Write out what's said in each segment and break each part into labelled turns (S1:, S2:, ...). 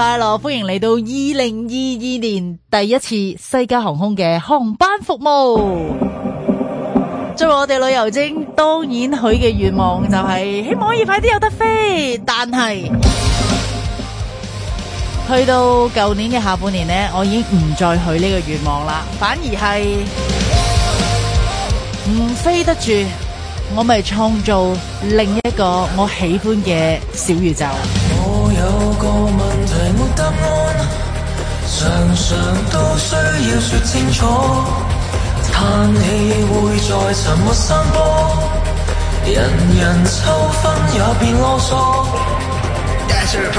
S1: 快樂，歡迎嚟到二零二二年第一次西加航空嘅航班服務。作為我哋旅遊精，當然佢嘅願望就係希望可以快啲有得飛，但係去到舊年嘅下半年呢，我已經唔再許呢個願望啦，反而係唔飛得住，我咪創造另一個我喜歡嘅小宇宙。
S2: 我有個答案常常都需要說清楚，嘆氣會在沉默散播，
S3: 人人秋分也變囉嗦。
S2: That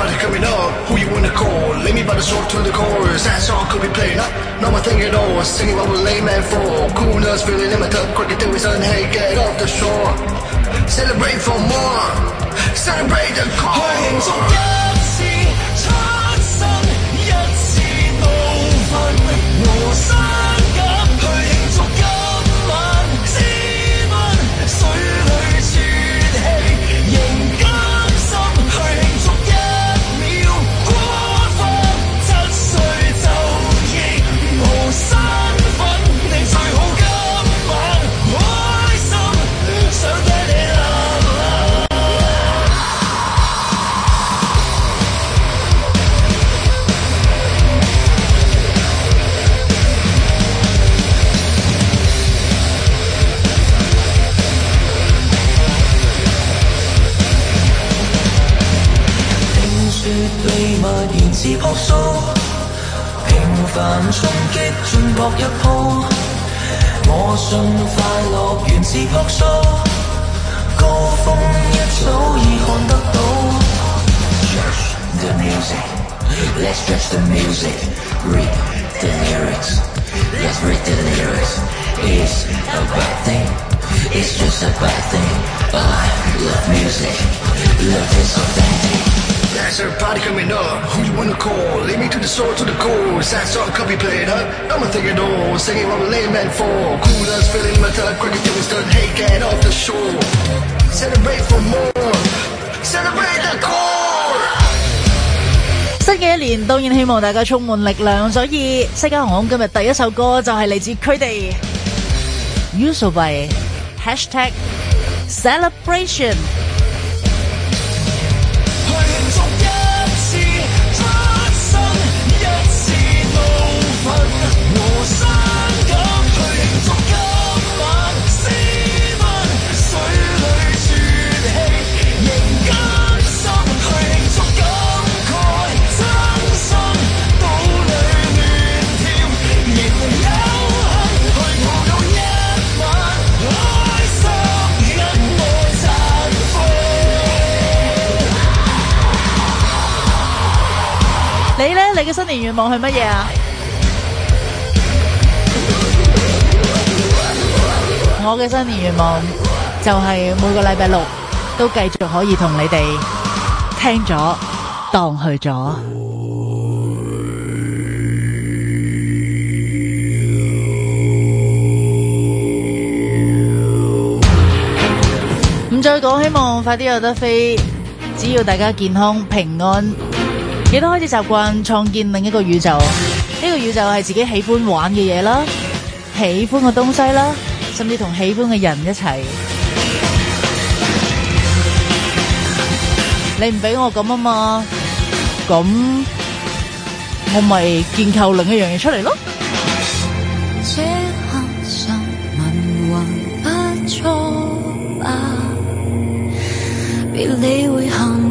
S1: 希望大家充滿力量，所以西加航空今日第一首歌就係嚟自佢哋。Usual by hashtag #Celebration。嘅新年願望係乜嘢啊？我嘅新年願望就係每個禮拜六都繼續可以同你哋聽咗當去咗。唔再講，希望快啲有得飛。只要大家健康平安。亦都開始習慣創建另一個宇宙。呢個宇宙係自己喜歡玩嘅嘢啦，喜歡嘅東西啦，甚至同喜歡嘅人一齊。你唔俾我咁啊嘛？咁我咪建構另一樣嘢出嚟
S4: 咯。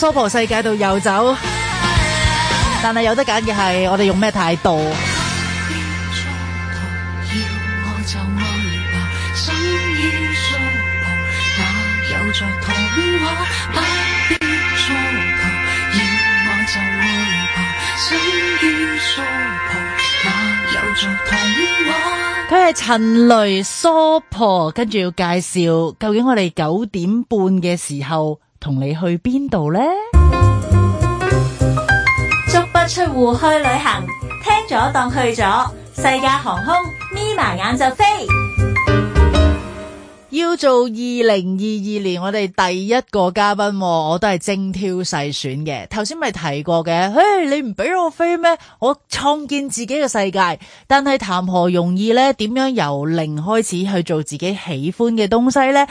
S1: 娑婆世界度遊走，但係有得揀嘅係，我哋用咩態度？佢係陳雷娑婆，跟住要介紹究竟我哋九點半嘅時候。同你去邊度咧？足不出戶去旅行，聽咗當去咗，世界航空眯埋眼就飛。要做二零二二年我哋第一個嘉賓，我都係精挑細選嘅。頭先咪提過嘅，誒，你唔俾我飛咩？我創建自己嘅世界，但係談何容易呢？點樣由零開始去做自己喜歡嘅東西呢？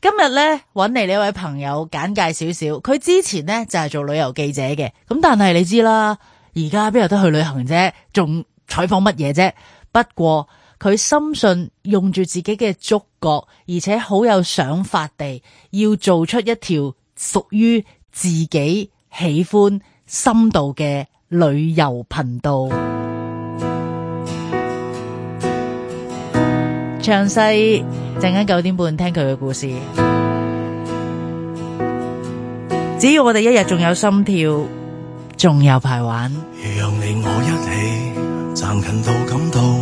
S1: 今日呢，揾嚟呢位朋友簡介少少，佢之前呢，就係做旅遊記者嘅。咁但係你知啦，而家邊日都去旅行啫，仲採訪乜嘢啫？不過。佢深信用住自己嘅觸覺，而且好有想法地，要做出一條屬於自己喜歡深度嘅旅遊頻道。詳細陣間九點半聽佢嘅故事。只要我哋一日仲有心跳，仲有排玩，讓你我
S2: 一起站近到感到。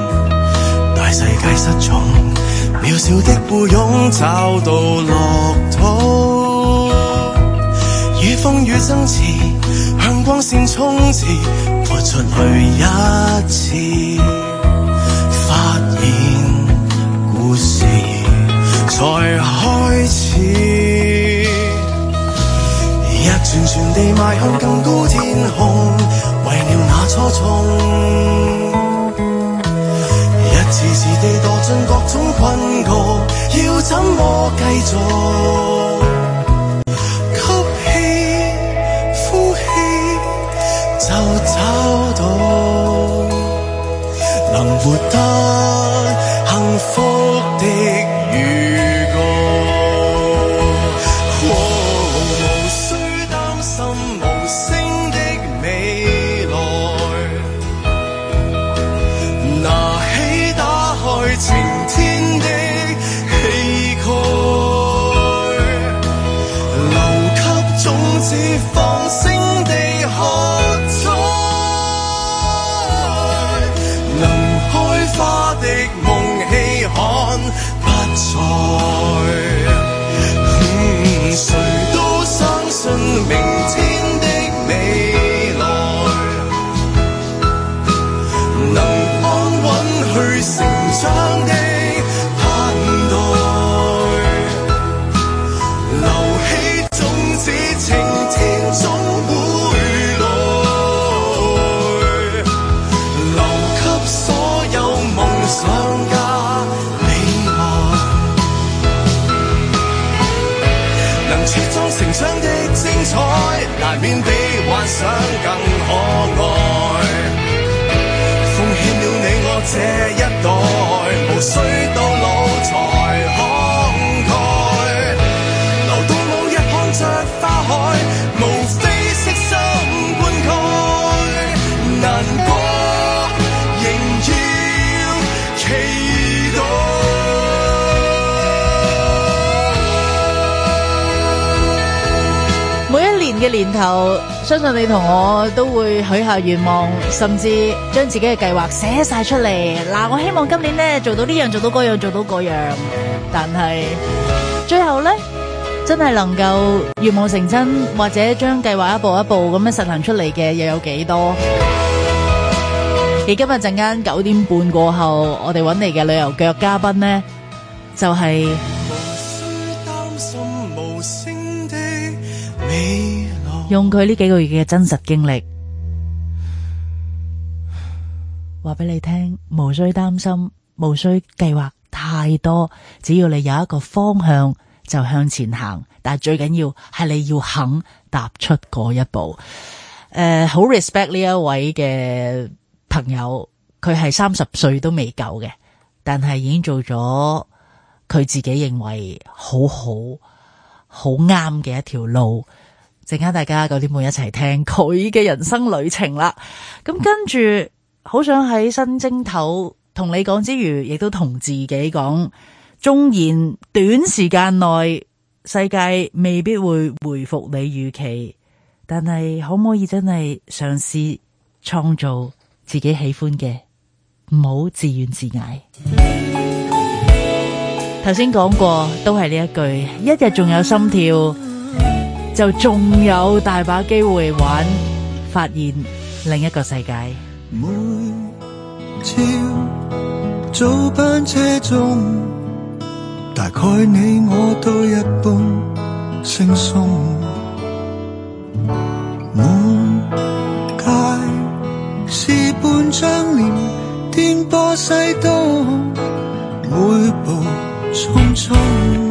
S2: 世界失重，渺小的背擁找到樂土，與風雨爭戰，向光線衝刺，豁出去一次，發現故事才開始。一轉轉地邁向更高天空，為了那初衷。遲遲地墮進各種困局，要怎麼繼續？吸氣、呼氣，就找到能活得。想的精彩，難免比幻想更可愛。奉獻了你我這一代，無需多。
S1: 嘅年頭，相信你同我都會許下願望，甚至將自己嘅計劃寫晒出嚟。嗱,我希望今年呢做到呢樣，做到嗰樣，做到嗰樣。但係最後呢,真係能夠願望成真，或者將計劃一步一步咁樣實行出嚟嘅，又有幾多？而今日陣間九點半過後，我哋揾嚟嘅旅遊腳嘉賓呢,就係、是。用佢呢幾個月嘅真實經歷，話俾你聽，無需擔心，無需計劃太多，只要你有一個方向，就向前行。但係最緊要係你要肯踏出嗰一步。誒，好 respect 呢一位嘅朋友，佢係三十歲都未夠嘅，但係已經做咗佢自己認為好好好啱嘅一條路。陣間大家九點半一齊聽佢嘅人生旅程啦。咁、嗯、跟住，好想喺新晶頭同你講之餘，如亦都同自己講，縱然短時間內世界未必會回復你預期，但係可唔可以真係嘗試創造自己喜歡嘅？唔好自怨自艾。頭先講過，都係呢一句，一日仲有心跳。就仲有大把機會玩，發現另一個世界。每
S2: 朝早班車中，大概你我都一般惺忪。滿街是半張臉，顛簸西東，每步匆匆。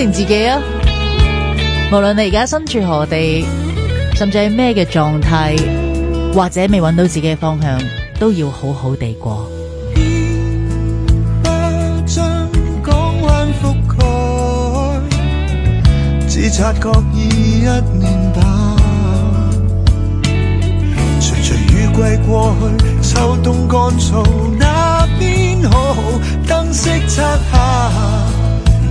S1: 成自己啊！無論你而家身處何地，甚至係咩嘅狀態，或者未揾到自己嘅方向，都要好好地過。
S2: 只察覺二一年吧，隨隨雨季過去，秋冬乾燥，那邊可好？燈色擦下。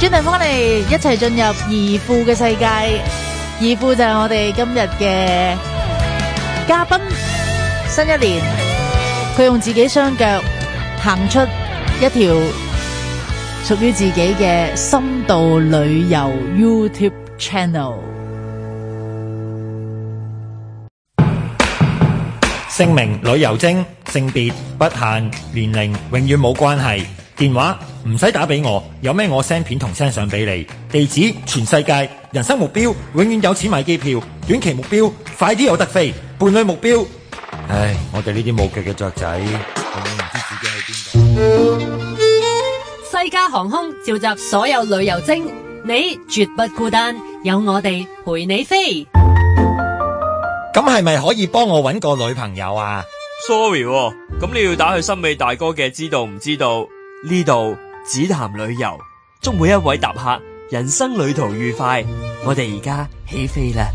S1: 轉頭翻嚟，一齊進入二富嘅世界，二富就係我哋今日嘅嘉賓。新一年，佢用自己雙腳行出一條屬於自己嘅深度旅遊 YouTube Channel。
S5: 姓名：旅遊精，性別不限，年齡永遠冇關係。電話。唔使打俾我，有咩我 send 片同 send 相俾你。地址全世界，人生目標永遠有錢買機票，短期目標快啲有得飛，伴侶目標。唉，我哋呢啲冇極嘅雀仔，我唔知自己喺邊度。
S1: 西加航空召集所有旅遊精，你絕不孤單，有我哋陪你飛。
S2: 咁係咪
S6: 可以幫我搵個女朋友啊？Sorry，喎，咁你要打去森美大哥嘅，知道唔知道呢度？只談旅遊，祝每一位搭客人生旅途愉快。我哋而家起飛啦！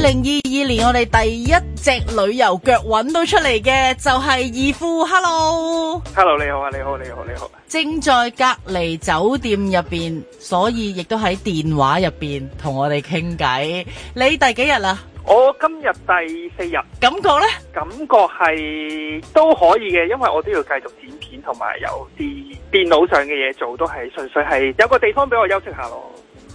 S1: 二零二二年我哋第一隻旅遊腳搵到出嚟嘅，就係、是、二夫 Hello，Hello
S5: 你好啊，你好，你好，你好，
S1: 正在隔離酒店入邊，所以亦都喺電話入邊同我哋傾偈。你第幾日啦？我今
S5: 日第四日，感覺呢？感覺係都可以嘅，因為我都要繼續剪片，同埋有啲電腦上嘅嘢做，都係純粹係有個地方俾我休息下咯。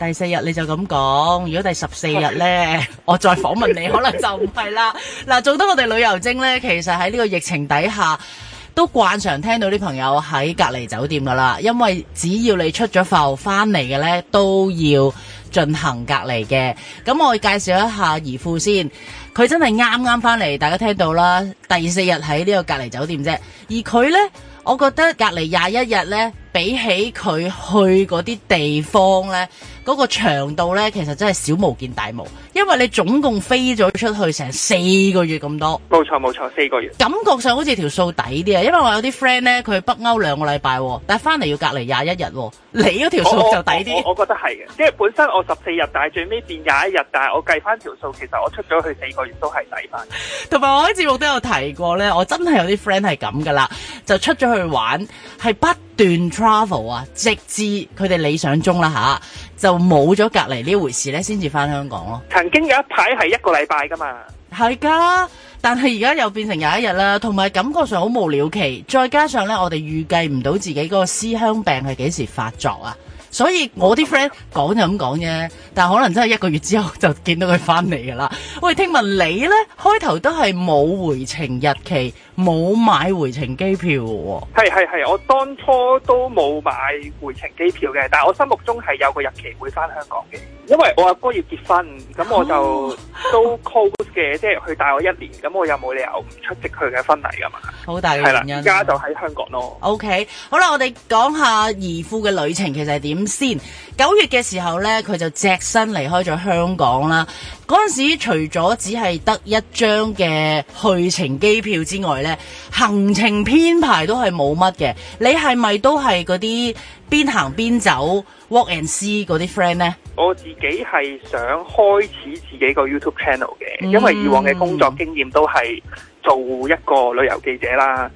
S1: 第四日你就咁講，如果第十四日呢， 我再訪問你，可能就唔係啦。嗱，做得我哋旅遊精呢，其實喺呢個疫情底下都慣常聽到啲朋友喺隔離酒店噶啦，因為只要你出咗埠翻嚟嘅呢，都要進行隔離嘅。咁我介紹一下姨父先，佢真係啱啱翻嚟，大家聽到啦，第四日喺呢個隔離酒店啫。而佢呢，我覺得隔離廿一日呢，比起佢去嗰啲地方呢，嗰個長度呢，其實真係小巫見大巫，因為你總共飛咗出去成四個月咁
S5: 多。冇錯冇錯，四個月。
S1: 感覺上好似條數抵啲啊，因為我有啲 friend 呢，佢去北歐兩個禮拜，但返翻嚟要隔離廿一日。你嗰條數就抵
S5: 啲，我覺得係嘅。即係本身我十四日，但係最尾變廿一日，但係我計翻條數，其實我出咗去四個月都係抵翻。
S1: 同埋我喺節目都有提過呢，我真係有啲 friend 係咁噶啦，就出咗去玩，係不斷 travel 啊，直至佢哋理想中啦、吓就冇咗隔離呢回事呢，先至翻香港咯。
S5: 曾經有一排係一個禮
S1: 拜噶嘛，係噶，但係而家又變成有一日啦。同埋感覺上好無了期，再加上呢，我哋預計唔到自己嗰個思鄉病係幾時發作啊。所以我啲 friend 講就咁講啫，但可能真係一個月之後就見到佢翻嚟噶啦。喂，聽聞你呢，開頭都係冇回程日期。冇買回程機票喎，
S7: 哦，
S5: 係係係，我當初都冇買回程機票嘅，但係我心目中係有個日期會翻香港嘅，因為我阿哥，哥要結婚，咁、啊、我就都 close 嘅， 即係去大我一年，咁我又冇理由唔出席佢嘅婚禮噶嘛，
S1: 好
S7: 大嘅原因，啊，而家
S5: 就喺香港咯。
S1: OK，好啦，我哋講下姨父嘅旅程其實係點先。九月嘅時候呢，佢就隻身離開咗香港啦。嗰陣時，除咗只係得一張嘅去程機票之外呢，行程編排都係冇乜嘅。你係咪都係嗰啲邊行邊走，邊走 walk and see 嗰啲 friend 呢？
S5: 我自己係想開始自己個 YouTube channel 嘅，因為以往嘅工作經驗都係做一個旅遊記者啦。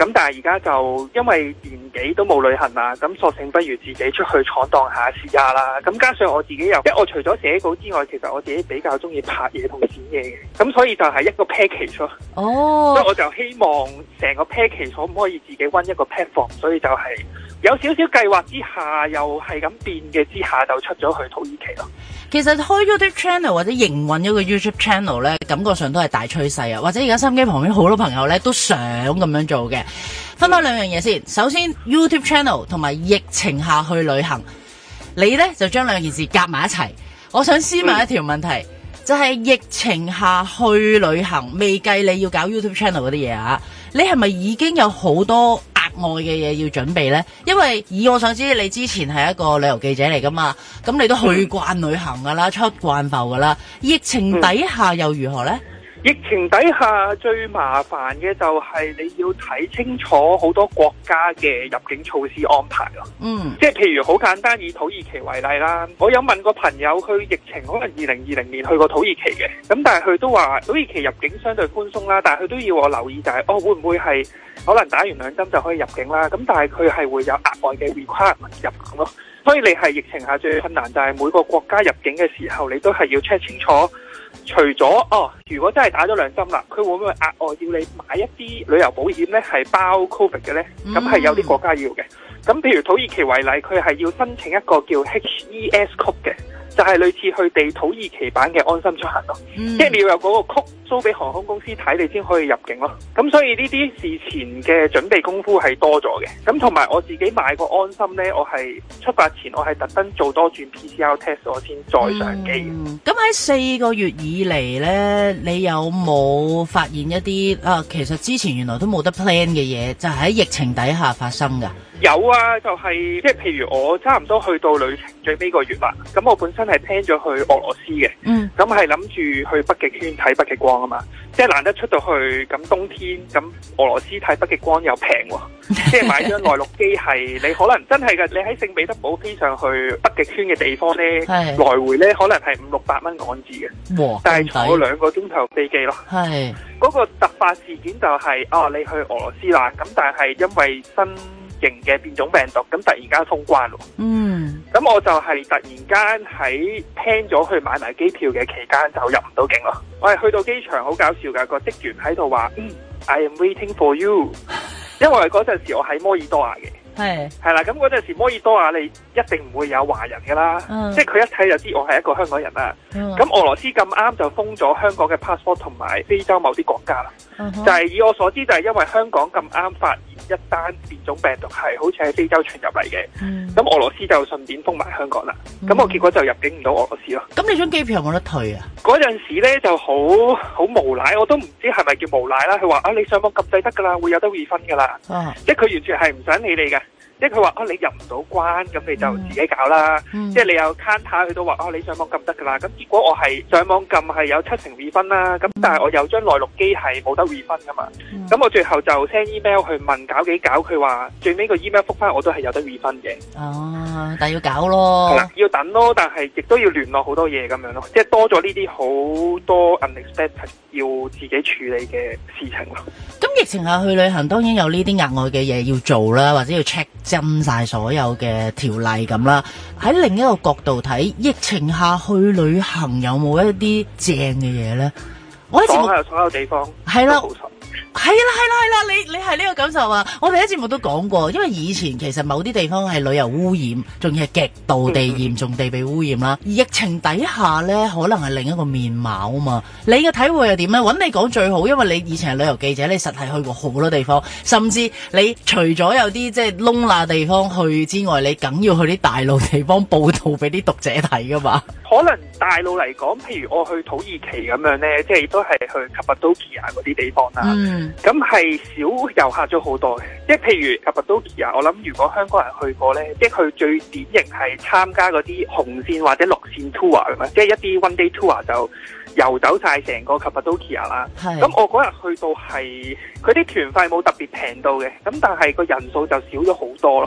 S5: 咁但係而家就因為年紀都冇旅行啦，咁索性不如自己出去闖蕩下試下啦。咁加上我自己又，因為我除咗寫稿之外，其實我自己比較中意拍嘢同剪嘢嘅，咁所以就係一個 package 咯。哦，即我就希望成個 package 可唔可以自己溫一個 pack 房，所以就係有少少計劃之下，又係咁變嘅之下，就出咗去土耳其咯。
S1: 其實開 YouTube channel 或者營運一個 YouTube channel 呢，感覺上都係大趨勢啊。或者而家收音機旁邊好多朋友呢，都想咁樣做嘅。分開兩樣嘢先，首先 YouTube channel 同埋疫情下去旅行，你呢就將兩件事夾埋一齊。我想先問一條問題，嗯、就係疫情下去旅行未計你要搞 YouTube channel 嗰啲嘢啊，你係咪已經有好多？愛嘅嘢要準備咧，因為以我想知你之前係一個旅遊記者嚟噶嘛，咁你都去慣旅行噶啦，出慣埠噶啦，疫情底下又如何咧？
S5: 疫情底下最麻煩嘅就係你要睇清楚好多國家嘅入境措施安排咯。嗯，即係譬如好簡單，以土耳其為例啦，我有問過朋友去疫情可能二零二零年去過土耳其嘅，咁但係佢都話土耳其入境相對寬鬆啦，但係佢都要我留意就係、是、哦會唔會係可能打完兩針就可以入境啦？咁但係佢係會有額外嘅 requirement 入境咯。所以你係疫情下最困難，就係、是、每個國家入境嘅時候，你都係要 check 清楚。除咗哦，如果真係打咗兩針啦，佢會唔會額外、哦、要你買一啲旅遊保險咧？係包 COVID 嘅咧，咁係、mm. 有啲國家要嘅。咁譬如土耳其為例，佢係要申請一個叫 HES code 嘅。就係類似去地土耳其版嘅安心出行咯，即係你要有嗰個曲租俾航空公司睇，你先可以入境咯。咁所以呢啲事前嘅準備功夫係多咗嘅。咁同埋我自己買個安心呢，我係出發前我係特登做多轉 PCR test，我先再上機。
S1: 咁喺、嗯、四個月以嚟呢，你有冇發現一啲啊？其實之前原來都冇得 plan 嘅嘢，就喺、係、疫情底下發生噶。
S5: 有啊，就係即係，譬如我差唔多去到旅程最尾個月啦。咁我本身係 plan 咗去俄羅斯嘅，咁係諗住去北極圈睇北極光啊嘛。即係難得出到去，咁冬天，咁俄羅斯睇北極光又平喎，啊，即係 買張內陸機係你可能真係嘅，你喺聖彼得堡飛上去北極圈嘅地方呢，是來回呢可能係五六百蚊港紙嘅，哇但係坐兩個鐘頭飛機咯。
S7: 係
S5: 嗰是個突發事件就係，是，哦、啊，你去俄羅斯啦，咁但係因為新型嘅變種病毒，咁突然間封關咯。嗯，咁我就係突然間喺 plan 咗去買埋機票嘅期間就入唔到境咯。我係去到機場好搞笑噶，個職員喺度話：I am waiting for you。因為陣時我喺摩爾多瓦嘅。係，係啦，咁嗰陣時摩爾多亞你一定唔會有華人噶啦，嗯、即係佢一睇就知我係一個香港人啦。咁、嗯、俄羅斯咁啱就封咗香港嘅 passport 同埋非洲某啲國家啦，嗯、哼就係以我所知就係因為香港咁啱發現一單變種病毒係好似喺非洲傳入嚟嘅，咁、嗯、俄羅斯就順便封埋香港啦。咁、嗯、我結果就入境唔到俄羅斯咯。
S1: 咁你張機票有冇得退啊？
S5: 嗰陣時咧就好好無賴，我都唔知係咪叫無賴啦。佢話啊，你上網撳制就得噶啦，會有得 refund 噶啦，嗯、即係佢完全係唔想理你嘅。即係佢話：啊、哦、你入唔到關，咁你就自己搞啦。嗯、即係你有 counter，佢都話：哦，你上網撳得㗎啦。咁結果我係上網撳係有七成 r 分啦。咁但係我又將內陸機係冇得 r 分㗎嘛。咁、嗯、我最後就 send email 去問搞幾搞，佢話最尾個 email 覆翻我都係有得 r 分嘅。哦、
S1: 啊，但係要搞咯、嗯，
S5: 要等咯，但係亦都要聯絡好多嘢咁樣咯。即係多咗呢啲好多 unexpected 要自己處理嘅事情、啊、咯。
S1: 咁、嗯、疫情下去旅行，當然有呢啲額外嘅嘢要做啦，或者要 check。浸晒所有嘅條例咁啦，喺另一個角度睇，疫情下去旅行有冇一啲正嘅嘢咧？講下所有地方係咯。係啦，係啦、啊，係啦、啊啊！你你係呢個感受啊？我哋一節目都講過，因為以前其實某啲地方係旅遊污染，仲要係極度地嚴、嗯、重地被污染啦。疫情底下呢，可能係另一個面貌啊嘛。你嘅體會又點呢？搵你講最好，因為你以前係旅遊記者，你實係去過好多地方，甚至你除咗有啲即係窿罅地方去之外，你梗要去啲大陸地方報道俾啲讀者睇噶嘛？
S5: 可能大陸嚟講，譬如我去土耳其咁樣呢，即係都係去卡巴多基亞嗰啲地方啦。嗯咁係少遊客咗好多嘅，即係譬如 Kapadokia。我諗如果香港人去過呢，即係佢最典型係參加嗰啲紅線或者綠線 tour 即係一啲 one day tour 就游走晒成個 Kapadokia 啦。咁是、嗯嗯、我嗰日去到係佢啲團費冇特別平到嘅，咁但係個人數就少咗好多咯。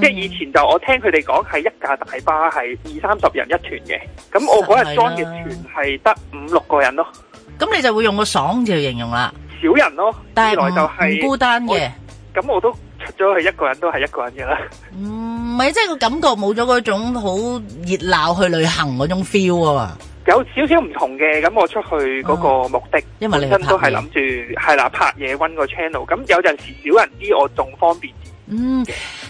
S5: 即係以前就我聽佢哋講係一架大巴係二三十人一團嘅，咁我嗰日裝嘅團係得五六個人咯。咁、啊、你就會
S1: 用個爽字形容啦。
S5: 少人咯，
S1: 但係不唔、就係、孤單嘅，咁我，我都出咗去，一個人都係一個
S5: 人嘅啦。唔係、嗯，
S1: 即係個感覺冇咗嗰種好熱鬧去旅行嗰種 feel 啊。
S5: 有少少唔同嘅，咁我出去嗰個目的因、嗯、本身都係諗住係啦拍嘢溫個 channel，咁有陣時少人啲，我仲方便啲。
S1: 嗯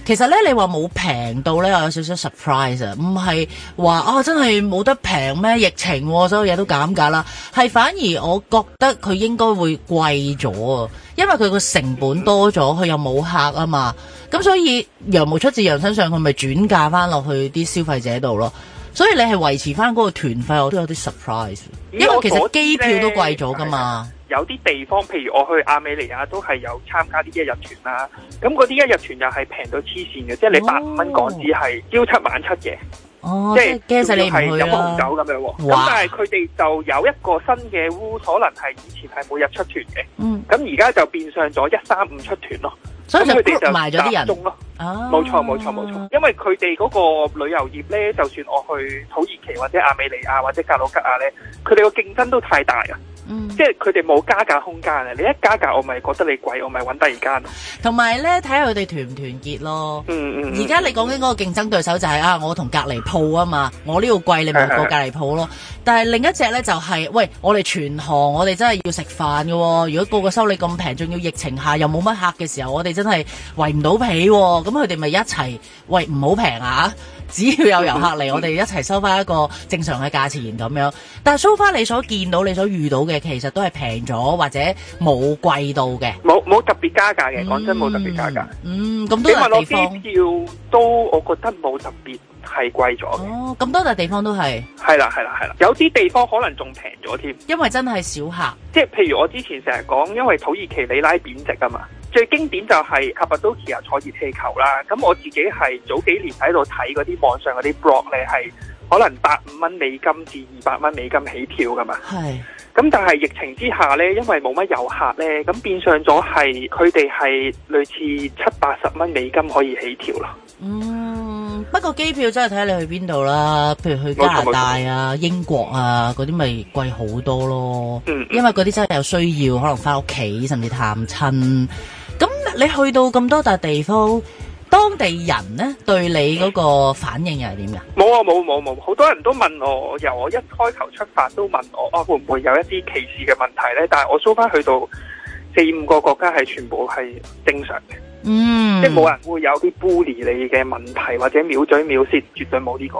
S1: 其實咧，你話冇平到咧，我有少少 surprise 啊！唔係話啊，真係冇得平咩？疫情、啊、所有嘢都減價啦，係反而我覺得佢應該會貴咗啊，因為佢個成本多咗，佢又冇客啊嘛，咁所以羊毛出自羊身上，佢咪轉嫁翻落去啲消費者度咯。所以你係維持翻嗰個團費，我都有啲 surprise，因為其實機票都貴咗㗎嘛。
S5: 有啲地方，譬如我去亞美尼亞，都係有參加啲一,一日團啦。咁嗰啲一日團又係平到黐線嘅，即係你八五蚊港紙係朝七晚七嘅，哦、
S7: 即係主要係飲紅酒
S5: 咁樣。咁嘩但係佢哋就有一個新嘅烏，可能係以前係每日出團嘅。咁而家就變相咗一三五出團咯。所以就 book 咗啲人咯。冇、啊、錯冇錯冇錯。因為佢哋嗰個旅遊業呢，就算我去土耳其或者亞美尼亞或者格魯吉亞呢，佢哋個競爭都太大啊。嗯，即係佢哋冇加價空間啊！你一加價，我咪覺得你貴，我咪揾第二間。
S1: 同埋咧，睇下佢哋團唔團結咯。嗯嗯。而、嗯、家、嗯、你講緊個競爭對手就係、是嗯嗯、啊，我同隔籬鋪啊嘛，我呢度貴，你咪過隔籬鋪咯。嗯嗯、但係另一隻咧就係、是，喂，我哋全行，我哋真係要食飯嘅，如果個個收你咁平，仲要疫情下又冇乜客嘅時候，我哋真係圍唔到皮。咁佢哋咪一齊，喂，唔好平啊！只要有遊客嚟，嗯、我哋一齊收翻一個正常嘅價錢咁樣。但係 so far 你所見到、你所遇到嘅。其實都係平咗或者冇貴到嘅，冇冇特別加價嘅。講、嗯、真，冇特別
S5: 加價。嗯，咁、嗯、多笪地方。機票都，我覺得冇特別係貴咗。哦，咁
S1: 多笪地方都係。
S5: 係啦，係啦，係啦。有啲地方可能仲平咗添。因為真係少客。即係譬如我之前成日講，因為土耳其里拉貶值啊嘛。最經典就係卡帕多奇亞坐熱氣球啦。咁我自己係早幾年喺度睇嗰啲網上嗰啲 blog 咧，係可能百五蚊美金至二百蚊美金起票噶嘛。係。咁但係疫情之下呢，因為冇乜遊客呢，咁變相咗係佢哋係類似七八十蚊美金可以起跳啦。嗯，
S1: 不過機票真係睇下你去邊度啦，譬如去加拿大啊、英國啊嗰啲，咪貴好多咯。嗯，因為嗰啲真係有需要，可能翻屋企甚至探親。咁你去到咁多笪地方。當地人咧，對你嗰個反應又係點㗎？冇
S5: 啊，冇冇冇，好多人都問我，由我一開頭出發都問我，啊會唔會有一啲歧視嘅問題咧？但係我 search 返翻去到四五個國家係全部係正常嘅，
S7: 嗯，即係冇人
S5: 會有啲 bully 你嘅問題或者藐嘴藐舌，絕對冇呢個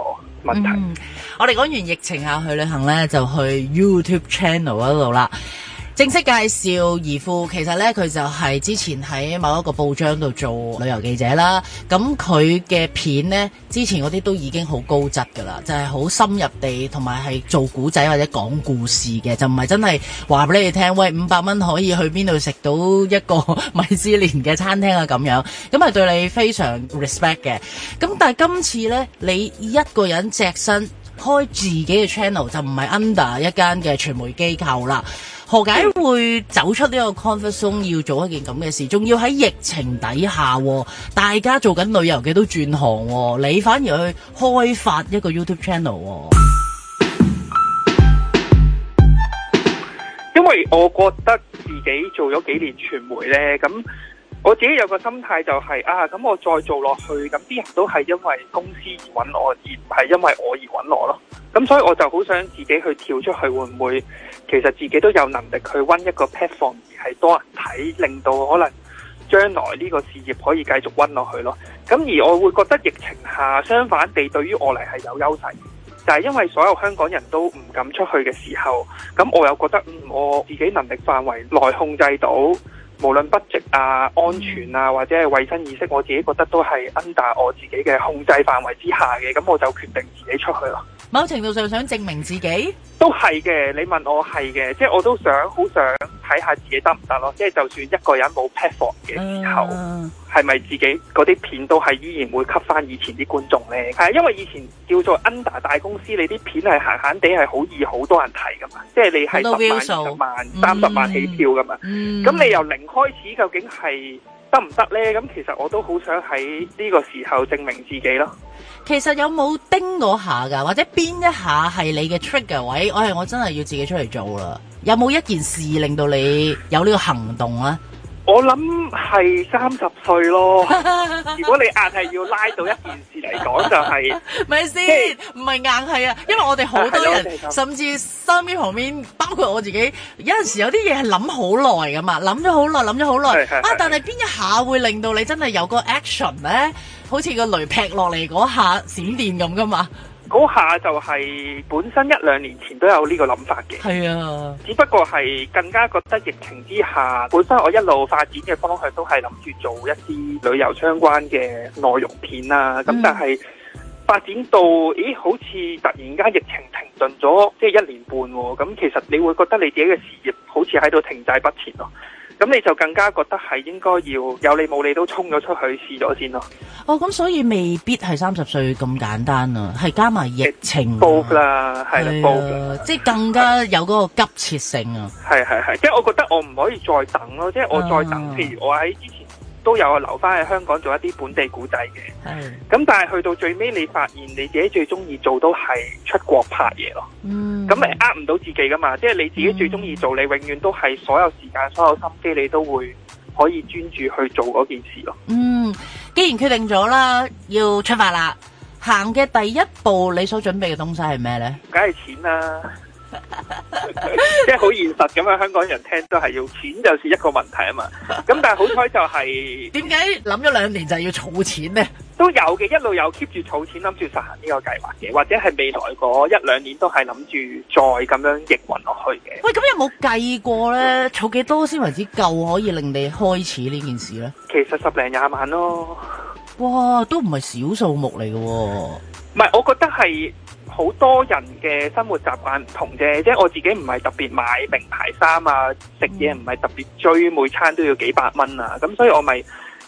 S5: 問題。
S1: 嗯，我哋講完疫情下去旅行咧，就去 YouTube channel 嗰度啦。正式介紹姨父，其實呢，佢就係之前喺某一個報章度做旅遊記者啦。咁佢嘅片呢，之前嗰啲都已經好高質㗎啦，就係、是、好深入地同埋係做古仔或者講故事嘅，就唔係真係話俾你哋聽，喂，五百蚊可以去邊度食到一個米芝蓮嘅餐廳啊咁樣。咁係對你非常 respect 嘅。咁但係今次呢，你一個人隻身開自己嘅 channel，就唔係 under 一間嘅傳媒機構啦。何解會走出呢個 comfort zone，要做一件咁嘅事，仲要喺疫情底下，大家做緊旅遊嘅都轉行，你反而去開發一個 YouTube channel？
S5: 因為我覺得自己做咗幾年傳媒呢，咁我自己有個心態就係啊，咁我再做落去，咁啲人都係因為公司而搵我，而唔係因為我而搵我咯。咁所以我就好想自己去跳出去，會唔會？其實自己都有能力去搵一個 platform 而係多人睇，令到可能將來呢個事業可以繼續搵落去咯。咁而我會覺得疫情下相反地對於我嚟係有優勢，就係因為所有香港人都唔敢出去嘅時候，咁我又覺得我自己能力範圍內控制到，無論 budget 啊、安全啊或者係衛生意識，我自己覺得都係 under 我自己嘅控制範圍之下嘅，咁我就決定自己出去咯。
S1: 某程度上想證明自己，
S5: 都係嘅。你問我係嘅，即係我都想好想睇下自己得唔得咯。即係就算一個人冇 platform 嘅時候，係咪、uh、自己嗰啲片都係依然會吸翻以前啲觀眾呢？係啊，因為以前叫做 under 大公司，你啲片係閒閒地係好易好多人睇噶嘛。即係你係十萬、萬、三十萬起跳噶嘛。咁、um、你由零開始，究竟係得唔得呢？咁其實我都好想喺呢個時候證明自己咯。
S1: 其實有冇叮我下㗎？或者邊一下係你嘅 trigger 位？我係我真係要自己出嚟做啦。有冇一件事令到你有呢個行動呢？
S5: 我諗係三十歲咯。如
S1: 果
S5: 你硬係要拉到一件事嚟講、就
S1: 係，就係咪先？唔係硬係啊，因為我哋好多人， 甚至身邊旁邊，包括我自己，有陣時有啲嘢係諗好耐噶嘛，諗咗好耐，諗咗好耐啊！但係邊一下會令到你真係有個 action 咧？好似個雷劈落嚟嗰下閃電，閃電咁噶嘛？
S5: 好下，就係本身一兩年前都有呢個諗法嘅。係啊，只不過係更加覺得疫情之下，本身我一路發展嘅方向都係諗住做一啲旅遊相關嘅內容片啦。咁但係發展到，咦，好似突然間疫情停頓咗，即係一年半喎。咁其實你會覺得你自己嘅事業好似喺度停滯不前咯，啊。咁你就更加覺得係應該要有你冇你都衝咗出去試咗先咯。
S1: 哦，咁所以未必係三十歲咁簡單啊，係加埋疫情煲、
S5: 啊、啦，係啦煲，即係更加
S1: 有嗰個急切性啊。係係
S5: 係，即係我覺得我唔可以再等咯，即係我再等，啊、譬如我喺以前。都有留翻喺香港做一啲本地古仔嘅，係，咁但係去到最尾，你發現你自己最中意做都係出國拍嘢咯，嗯，咁咪呃唔到自己噶嘛，即係你自己最中意做，你，嗯，永遠都係所有時間、所有心機，你都會可以專注去做嗰件事咯，嗯，
S1: 既然決定咗啦，要出發啦，行嘅第一步，你所準備嘅東西係咩呢？
S5: 梗係錢啦。 即係好現實咁樣，香港人聽都係要錢，就是一個問題啊嘛。咁但係好彩就係、是，點
S1: 解諗咗兩年就要儲錢呢？
S5: 都有嘅，一路有 keep 住儲錢，諗住實行呢個計劃嘅，或者係未來嗰一兩年都係諗住再咁樣逆運落去嘅。
S1: 喂，咁有冇計過呢？儲幾多先為之夠可以令你開始呢件事呢？
S5: 其實十零廿萬咯，
S1: 哇，都唔係小數目嚟嘅。
S5: 唔係， 我覺得係。好多人嘅生活習慣唔同啫，即係我自己唔係特別買名牌衫啊，食嘢唔係特別追，每餐都要幾百蚊啊，咁所以我咪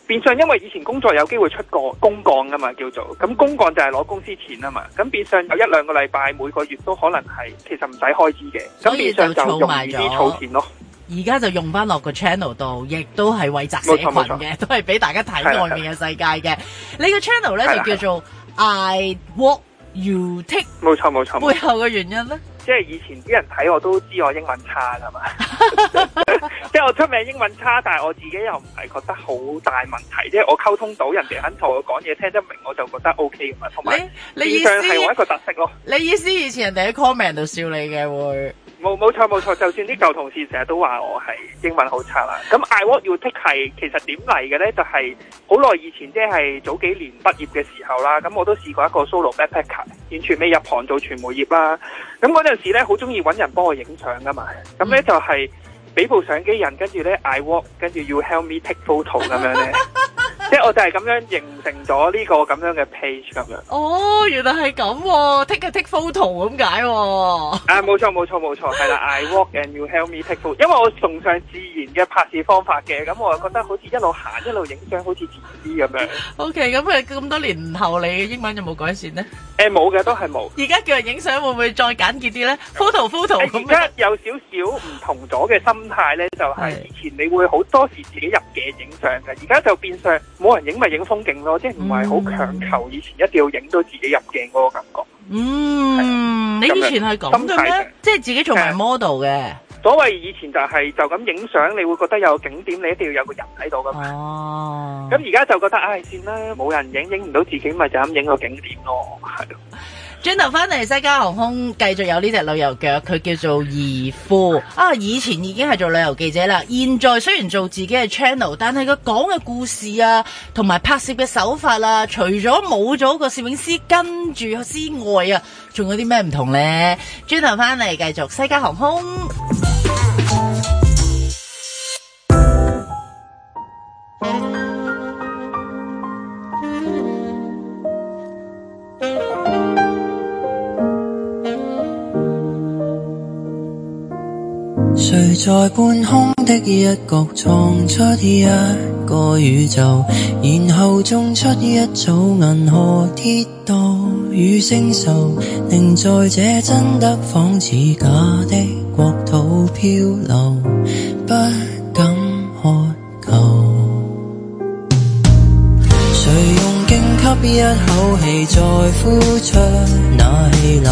S5: 變相因為以前工作有機會出過公幹啊嘛叫做，咁公幹就係攞公司錢啊嘛，咁變相有一兩個禮拜每個月都可能係其實唔使開支嘅，咁變相就儲埋咗，
S1: 而家就，就用翻落個 channel 度，亦都係為集社群嘅，都係俾大家睇外面嘅世界嘅。
S5: 你個 channel 咧的就叫做
S1: I Walk。You
S5: take？冇錯冇錯，背後嘅原因咧，即係以前啲人睇我都知我英文差噶嘛。 即係我出名英文差，但係我自己又唔係覺得好大問題，即係我溝通到人哋肯同我講嘢，聽得明我就覺得 O K 噶嘛，同埋形象係我一個特色咯。
S1: 你意思以前人哋喺 comment 度笑你嘅會？
S5: 冇冇錯冇錯，就算啲舊同事成日都話我係英文好差啦。咁 I walk you take 係其實點嚟嘅呢？就係好耐以前，即係早幾年畢業嘅時候啦。咁我都試過一個 solo backpacker，完全未入行做傳媒業啦。咁嗰陣時呢，好中意揾人幫我影相噶嘛。咁呢就係、是、俾部相機人，跟住呢 I walk，跟住 you help me take photo 咁樣呢。 即係我就係咁樣形成咗呢個咁樣嘅 page 咁
S1: 樣。哦，原來係咁、哦、，take a take photo 咁解、哦。
S5: 啊，冇錯冇錯冇錯，係啦 ，I walk and you help me take photo。因為我崇尚自然嘅拍攝方法嘅，咁我就覺得好似一路行一路影相，好似自然啲咁樣。O K，咁
S1: 佢咁多年後你嘅英文有冇改善咧？誒、呃，冇嘅，都係冇。而家
S5: 叫人影相會唔會再簡潔啲咧？photo photo 而家有少少唔同咗嘅心態咧，就係、是、以前你會好多時自己入嘅影相嘅，而家就變相。冇人影咪影風景咯，即係唔係好強求，以前一定要影到自己入鏡嗰個感覺。嗯，
S7: 你以前係咁嘅咩？就
S5: 是、即係自己做埋 model 嘅，所謂以前就係、是、就咁影相，你會覺得有景點，你一定要有個人喺度㗎嘛。哦，咁而家就覺得唉，算、哎、啦，冇人影，影唔到自己咪就咁影個景點咯，係。
S1: 轉頭翻嚟，西加航空繼續有呢隻旅遊腳，佢叫做義夫啊！以前已經係做旅遊記者啦，現在雖然做自己嘅 channel，但係佢講嘅故事啊，同埋拍攝嘅手法啦、啊，除咗冇咗個攝影師跟住之外啊，仲有啲咩唔同呢？轉頭翻嚟，繼續西加航空。
S3: 在半空的一角，創出一個宇宙，然後種出一組銀河，天道與星宿，寧在這真的仿似假的國土漂流，不敢渴求。 誰用勁吸一口氣，再呼出那氣流？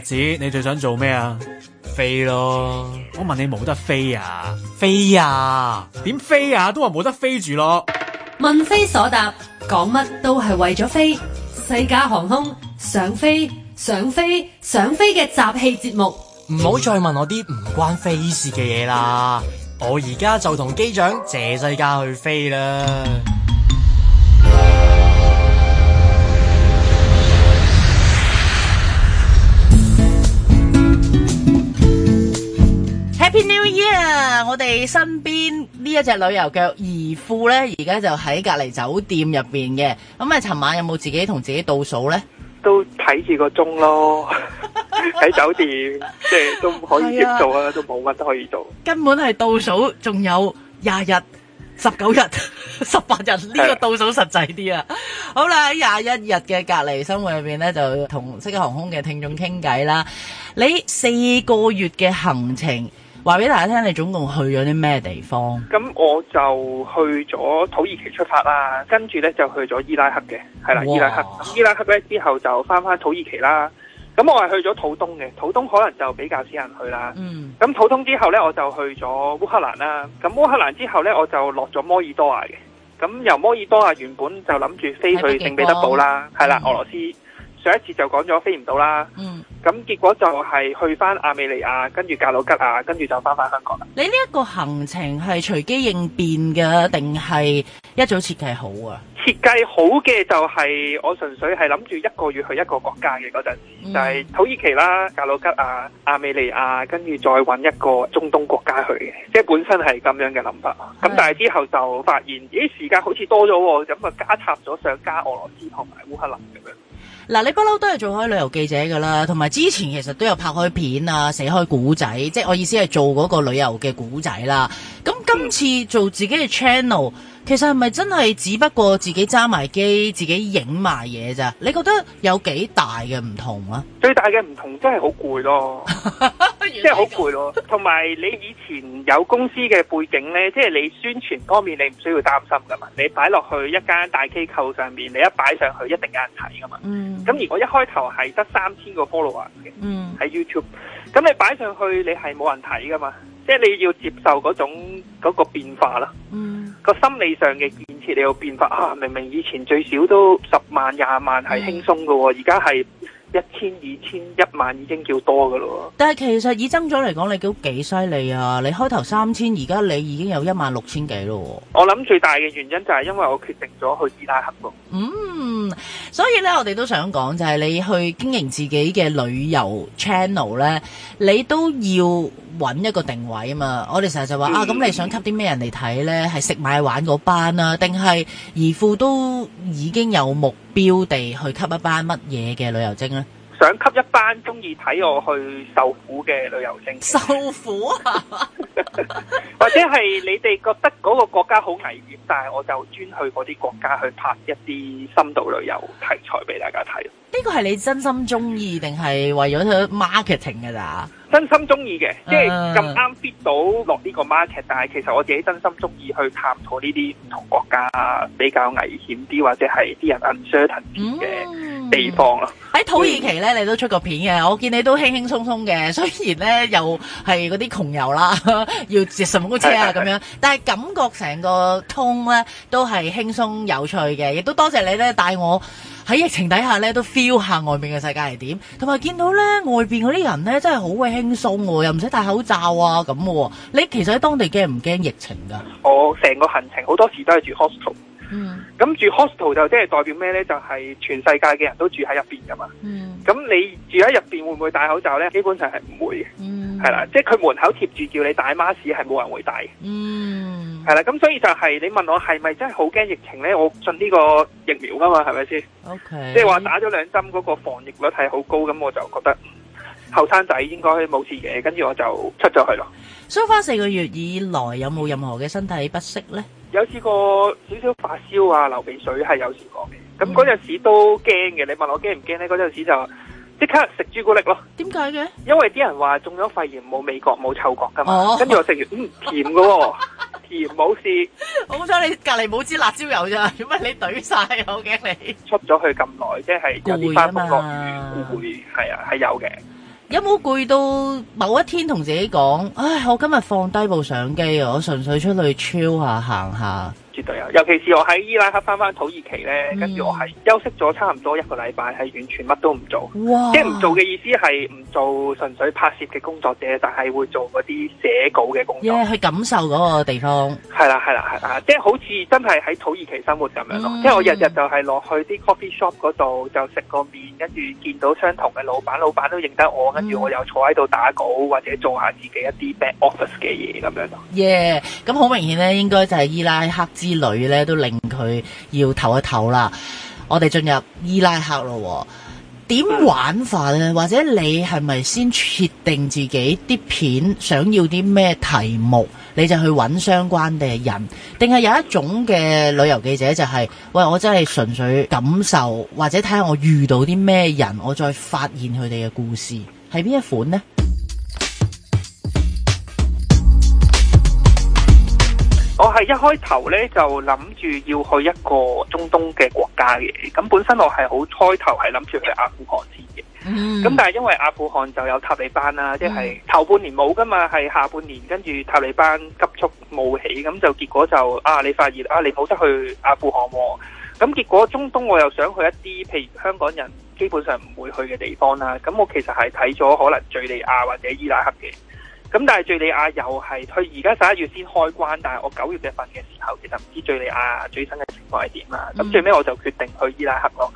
S6: 子，你最想做咩啊？飛咯吧！我問你冇得飛啊？飛啊？點飛啊？都話冇得飛住咯。問非所答，講乜都係為咗飛。西加航空想飛想飛想飛嘅集氣節目，唔好、嗯、再問我啲唔關飛事嘅嘢啦。我而家就同機長借西加去飛啦。
S1: 啊！我哋身邊呢一隻旅遊腳姨父呢，而家就喺隔離酒店入邊嘅。咁、嗯、啊，尋晚有冇自己同自己倒數呢？
S5: 都睇住個鐘咯，喺 酒店即係 都可以做啊，都冇乜都可以做。
S1: 根本係倒數，仲有廿日，十九日，十 八日呢、呢個倒數實際啲啊！好啦，喺廿一日嘅隔離生活入邊呢，就同西加航空嘅聽眾傾偈啦。你四個月嘅行程。話俾大家聽，你總共去咗啲咩地
S3: 方？咁
S5: 我就去咗土耳其出發啦，跟住呢就去咗伊拉克嘅，係啦哇，伊拉克。咁伊拉克呢之後就返返土耳其啦。咁我係去咗土東嘅，土東可能就比較少人去啦。
S7: 嗯。
S5: 咁土東之後呢，我就去咗烏克蘭啦。咁烏克蘭之後呢，我就落咗摩爾多亞嘅。咁由摩爾多亞原本就諗住飛去聖彼，彼得堡啦，係啦，嗯，俄羅斯。上一次就講咗飛唔到啦，咁、嗯、結果就係去翻亞美尼亞，跟住格魯吉亞，跟住就翻返香港啦。
S1: 你呢一個行程係隨機應變嘅，定係一早設計好啊？
S5: 設計好嘅就係、是、我純粹係諗住一個月去一個國家嘅嗰陣時，嗯、就係土耳其啦、格魯吉亞、亞美尼亞，跟住再揾一個中東國家去嘅，即係本身係咁樣嘅諗法。咁的但係之後就發現，咦、哎、時間好似多咗喎，咁啊加插咗上加俄羅斯同埋烏克蘭咁樣
S1: 嗱，你不嬲都係做開旅遊記者㗎啦，同埋之前其實都有拍開片啊，寫開古仔，即係我意思係做嗰個旅遊嘅古仔啦。咁今次做自己嘅 channel。其實係咪真係只不過自己揸埋機，自己影埋嘢咋？你覺得有幾大嘅唔同啊？
S5: 最大嘅唔同真係好攰咯，真係好攰咯。同埋你以前有公司嘅背景呢，即係你宣傳方面你唔需要擔心噶嘛。你擺落去一間大機構上面，你一擺上去一定有人睇噶嘛。咁如果一開頭係得三千個 follower 嘅，喺 YouTube，嗯。咁你擺上去你係冇人睇噶嘛？即係你要接受嗰種嗰個變化啦。
S7: 嗯，
S5: 個心理上嘅建設你要變化啊！明唔明？以前最少都十萬廿萬係輕鬆噶喎，而家係。一千、二千、一萬已經叫多嘅咯。
S1: 但係其實以增長嚟講，你都幾犀利啊！你開頭三千，而家你已經有一萬六千幾咯。
S5: 我諗最大嘅原因就係因為我決定咗去伊拉克。
S1: 嗯，所以呢，我哋都想講就係你去經營自己嘅旅遊 channel 呢，你都要揾一個定位啊嘛。我哋成日就話、嗯、啊，咁你想吸啲咩人嚟睇呢？係食買玩嗰班啊，定係而父都已經有目標地去吸一班乜嘢嘅旅遊精？想吸
S5: 一班中意睇我去受苦嘅旅遊精，受苦啊！ 或者係你哋覺得嗰個國家好危險，但係我就專去嗰啲國家去拍一啲深度旅遊題材俾大家睇。
S1: 呢個係你真心中意定係為咗 marketing 㗎啦？
S5: 真心中意嘅，嗯、即係咁啱 fit 到落呢個 market，但係其實我自己真心中意去探索呢啲唔同國家比較危險啲，或者係啲人 uncertainty 啲嘅。嗯地方喺土耳
S1: 其咧，你都出過片嘅。嗯、我見你都輕輕鬆鬆嘅，雖然咧又係嗰啲窮遊啦， 要接什麼公車啊咁樣，是是是是，但係感覺成個通咧都係輕鬆有趣嘅。亦都多謝你咧帶我喺疫情底下咧都 feel 下外面嘅世界係點，同埋見到咧外面嗰啲人咧真係好鬼輕鬆喎，又唔使戴口罩啊咁喎、啊。你其實喺當地驚唔驚疫
S5: 情㗎？我成個行程好多時都係住 hospital 嗯，咁住 hostel 就即係代表咩呢？就係全世界嘅人都住喺入邊噶嘛。嗯，咁你住喺入邊會唔會戴口罩呢？基本上係唔會嘅。嗯，係啦，即係佢門口貼住叫你戴 mask，係冇人會戴。嗯，係啦，咁所以就係、是、你問我係咪真係好驚疫情呢？我信呢個疫苗噶嘛，係咪先？OK，即係話打咗兩針嗰個防疫率係好高，咁我就覺得後生仔應該冇事嘅，跟住我就出咗去囉。
S1: So far 四個月以來有冇任何嘅身體不適呢？
S5: 有試過少少發燒啊，流鼻水係有試過嘅。咁嗰陣時都驚嘅。你問我驚唔驚呢？嗰陣時就即刻食朱古力咯。點解嘅？因為啲人話中咗肺炎冇味覺冇嗅覺噶嘛。跟住、啊、我食完，嗯，甜嘅喎，甜冇事。 我好想你隔籬冇支辣椒油咋？點解你懟晒我驚你？出咗去咁耐，即係有啲翻風落雨，會係啊，係有嘅。有
S1: 冇攰到某一天同自己講：唉，我今日放低部相機啊，我純粹出去 chill 下、行下。
S5: 尤其是我喺伊拉克返返土耳其咧，跟住、嗯、我係休息咗差唔多一個禮拜，係完全乜都唔做，哇即係唔做嘅意思係唔做純粹拍攝嘅工作啫，但係會做嗰啲寫稿嘅工作，
S1: 耶、yeah, 去感受嗰個地方，
S5: 係啦係啦係啦，即係、就是、好似真係喺土耳其生活咁樣咯，嗯、即係我日日就係落去啲 coffee shop 度就食個麵，跟住見到相同嘅老闆老闆都認得我，跟住、嗯、我又坐喺度打稿或者做下自己一啲 back office 嘅嘢咁
S1: 樣咯，耶，咁好明顯咧，應該就係伊拉克啲女咧都令佢要唞一唞啦，我哋進入伊拉克咯，點玩法呢？或者你係咪先設定自己啲片想要啲咩題目，你就去揾相關嘅人，定係有一種嘅旅遊記者就係、是，喂，我真係純粹感受，或者睇下我遇到啲咩人，我再發現佢哋嘅故事，係邊一款呢？
S5: 係一開頭咧就諗住要去一個中東嘅國家嘅，咁本身我係好開頭係諗住去阿富汗先嘅，咁、嗯、但係因為阿富汗就有塔利班啦，即、就、係、是嗯、頭半年冇㗎嘛，係下半年跟住塔利班急速冒起，咁就結果就啊你發現啊你冇得去阿富汗喎、啊，咁結果中東我又想去一啲，譬如香港人基本上唔會去嘅地方啦，咁我其實係睇咗可能敘利亞或者伊拉克嘅。咁但係敘利亞又係佢而家十一月先開關，但係我九月嘅份嘅時候，其實唔知敘利亞最新嘅情況係點啦。咁、嗯、最尾我就決定去伊拉克咯。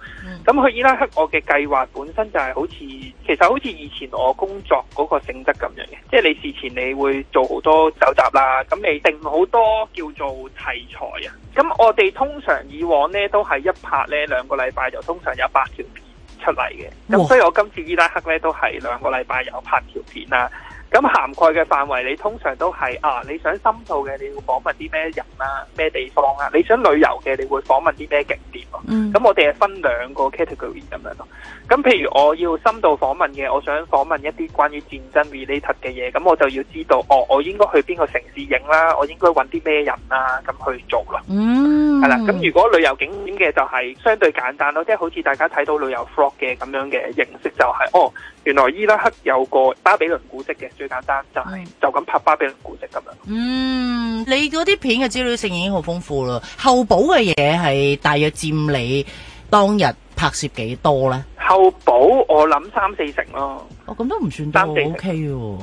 S5: 咁、嗯、去伊拉克我嘅計劃本身就係好似，其實好似以前我工作嗰個性質咁樣嘅，即係你事前你會做好多搜集啦，咁你定好多叫做題材啊。咁我哋通常以往呢都係一拍呢兩個禮拜就通常有八條片出嚟嘅。咁哇所以我今次伊拉克呢都係兩個禮拜有拍條片啦。咁涵蓋嘅範圍，你通常都係啊，你想深度嘅，你要訪問啲咩人啦、啊，咩地方啊你想旅遊嘅，你會訪問啲咩景點咯、啊？咁、mm hmm. 我哋係分兩個 category 咁樣咯。咁譬如，我要深度訪問嘅，我想訪問一啲關於戰爭 related 嘅嘢，咁我就要知道哦，我應該去邊個城市影啦，我應該搵啲咩人啦、啊，咁去做咯。嗯、
S7: mm，係、hmm. 啦。咁
S5: 如果旅遊景點嘅就係相對簡單咯，即、就、係、是、好似大家睇到旅遊 vlog 嘅咁樣嘅形式、就是，就係哦。原來伊拉克有個巴比倫古蹟嘅，最簡單就係、是、就咁拍巴比倫古蹟咁樣。
S1: 嗯，你嗰啲片嘅資料性已經好豐富啦。後補嘅嘢係大約佔你當日拍攝幾多呢？
S5: 後補我諗三四成咯。哦，咁都唔算
S1: 多，O、OK、K 喎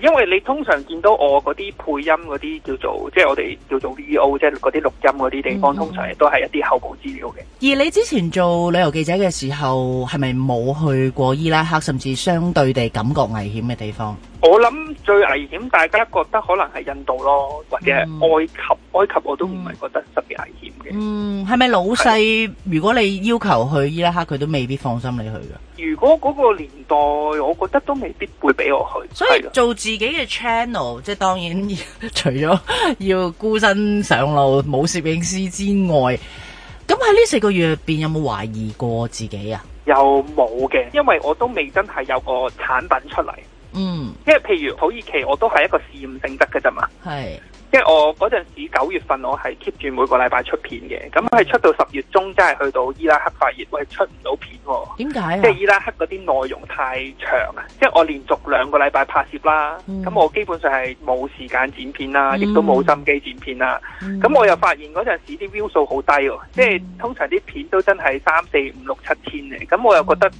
S5: 因為你通常見到我嗰啲配音嗰啲叫做，即係我哋叫做 VO，即係嗰啲錄音嗰啲地方，嗯、通常都係一啲後補資料
S1: 嘅。而你之前做旅遊記者嘅時候，係咪冇去過伊拉克，甚至相對地感覺危險嘅地方？
S5: 我諗最危險，大家覺得可能係印度咯，或者係埃及。埃及我都唔係覺得特別危險
S1: 嘅。嗯，係咪老細？的如果你要求去伊拉克，佢都未必放心你去㗎。
S5: 如果嗰個年代，我覺得都未必會俾
S1: 我去。所以做自己嘅 channel，的即係當然除咗要孤身上路冇攝影師之外，咁喺呢四個月入邊有冇懷疑過自己啊？
S5: 又冇嘅，因為我都未真係有個產品出嚟。嗯，因為譬如土耳其，我都係一個試驗性質嘅啫嘛。係。即係我嗰陣時九月份我係 keep 住每個禮拜出片嘅，咁係出到十月中，真係去到伊拉克發熱，我係出唔到片喎、啊。點解？即係伊拉克嗰啲內容太長啊！即係我連續兩個禮拜拍攝啦，咁、嗯、我基本上係冇時間剪片啦，亦、嗯、都冇心機剪片啦。咁、嗯、我又發現嗰陣時啲 view 數好低喎、啊，嗯、即係通常啲片都真係三四五六七千嘅，咁我又覺得。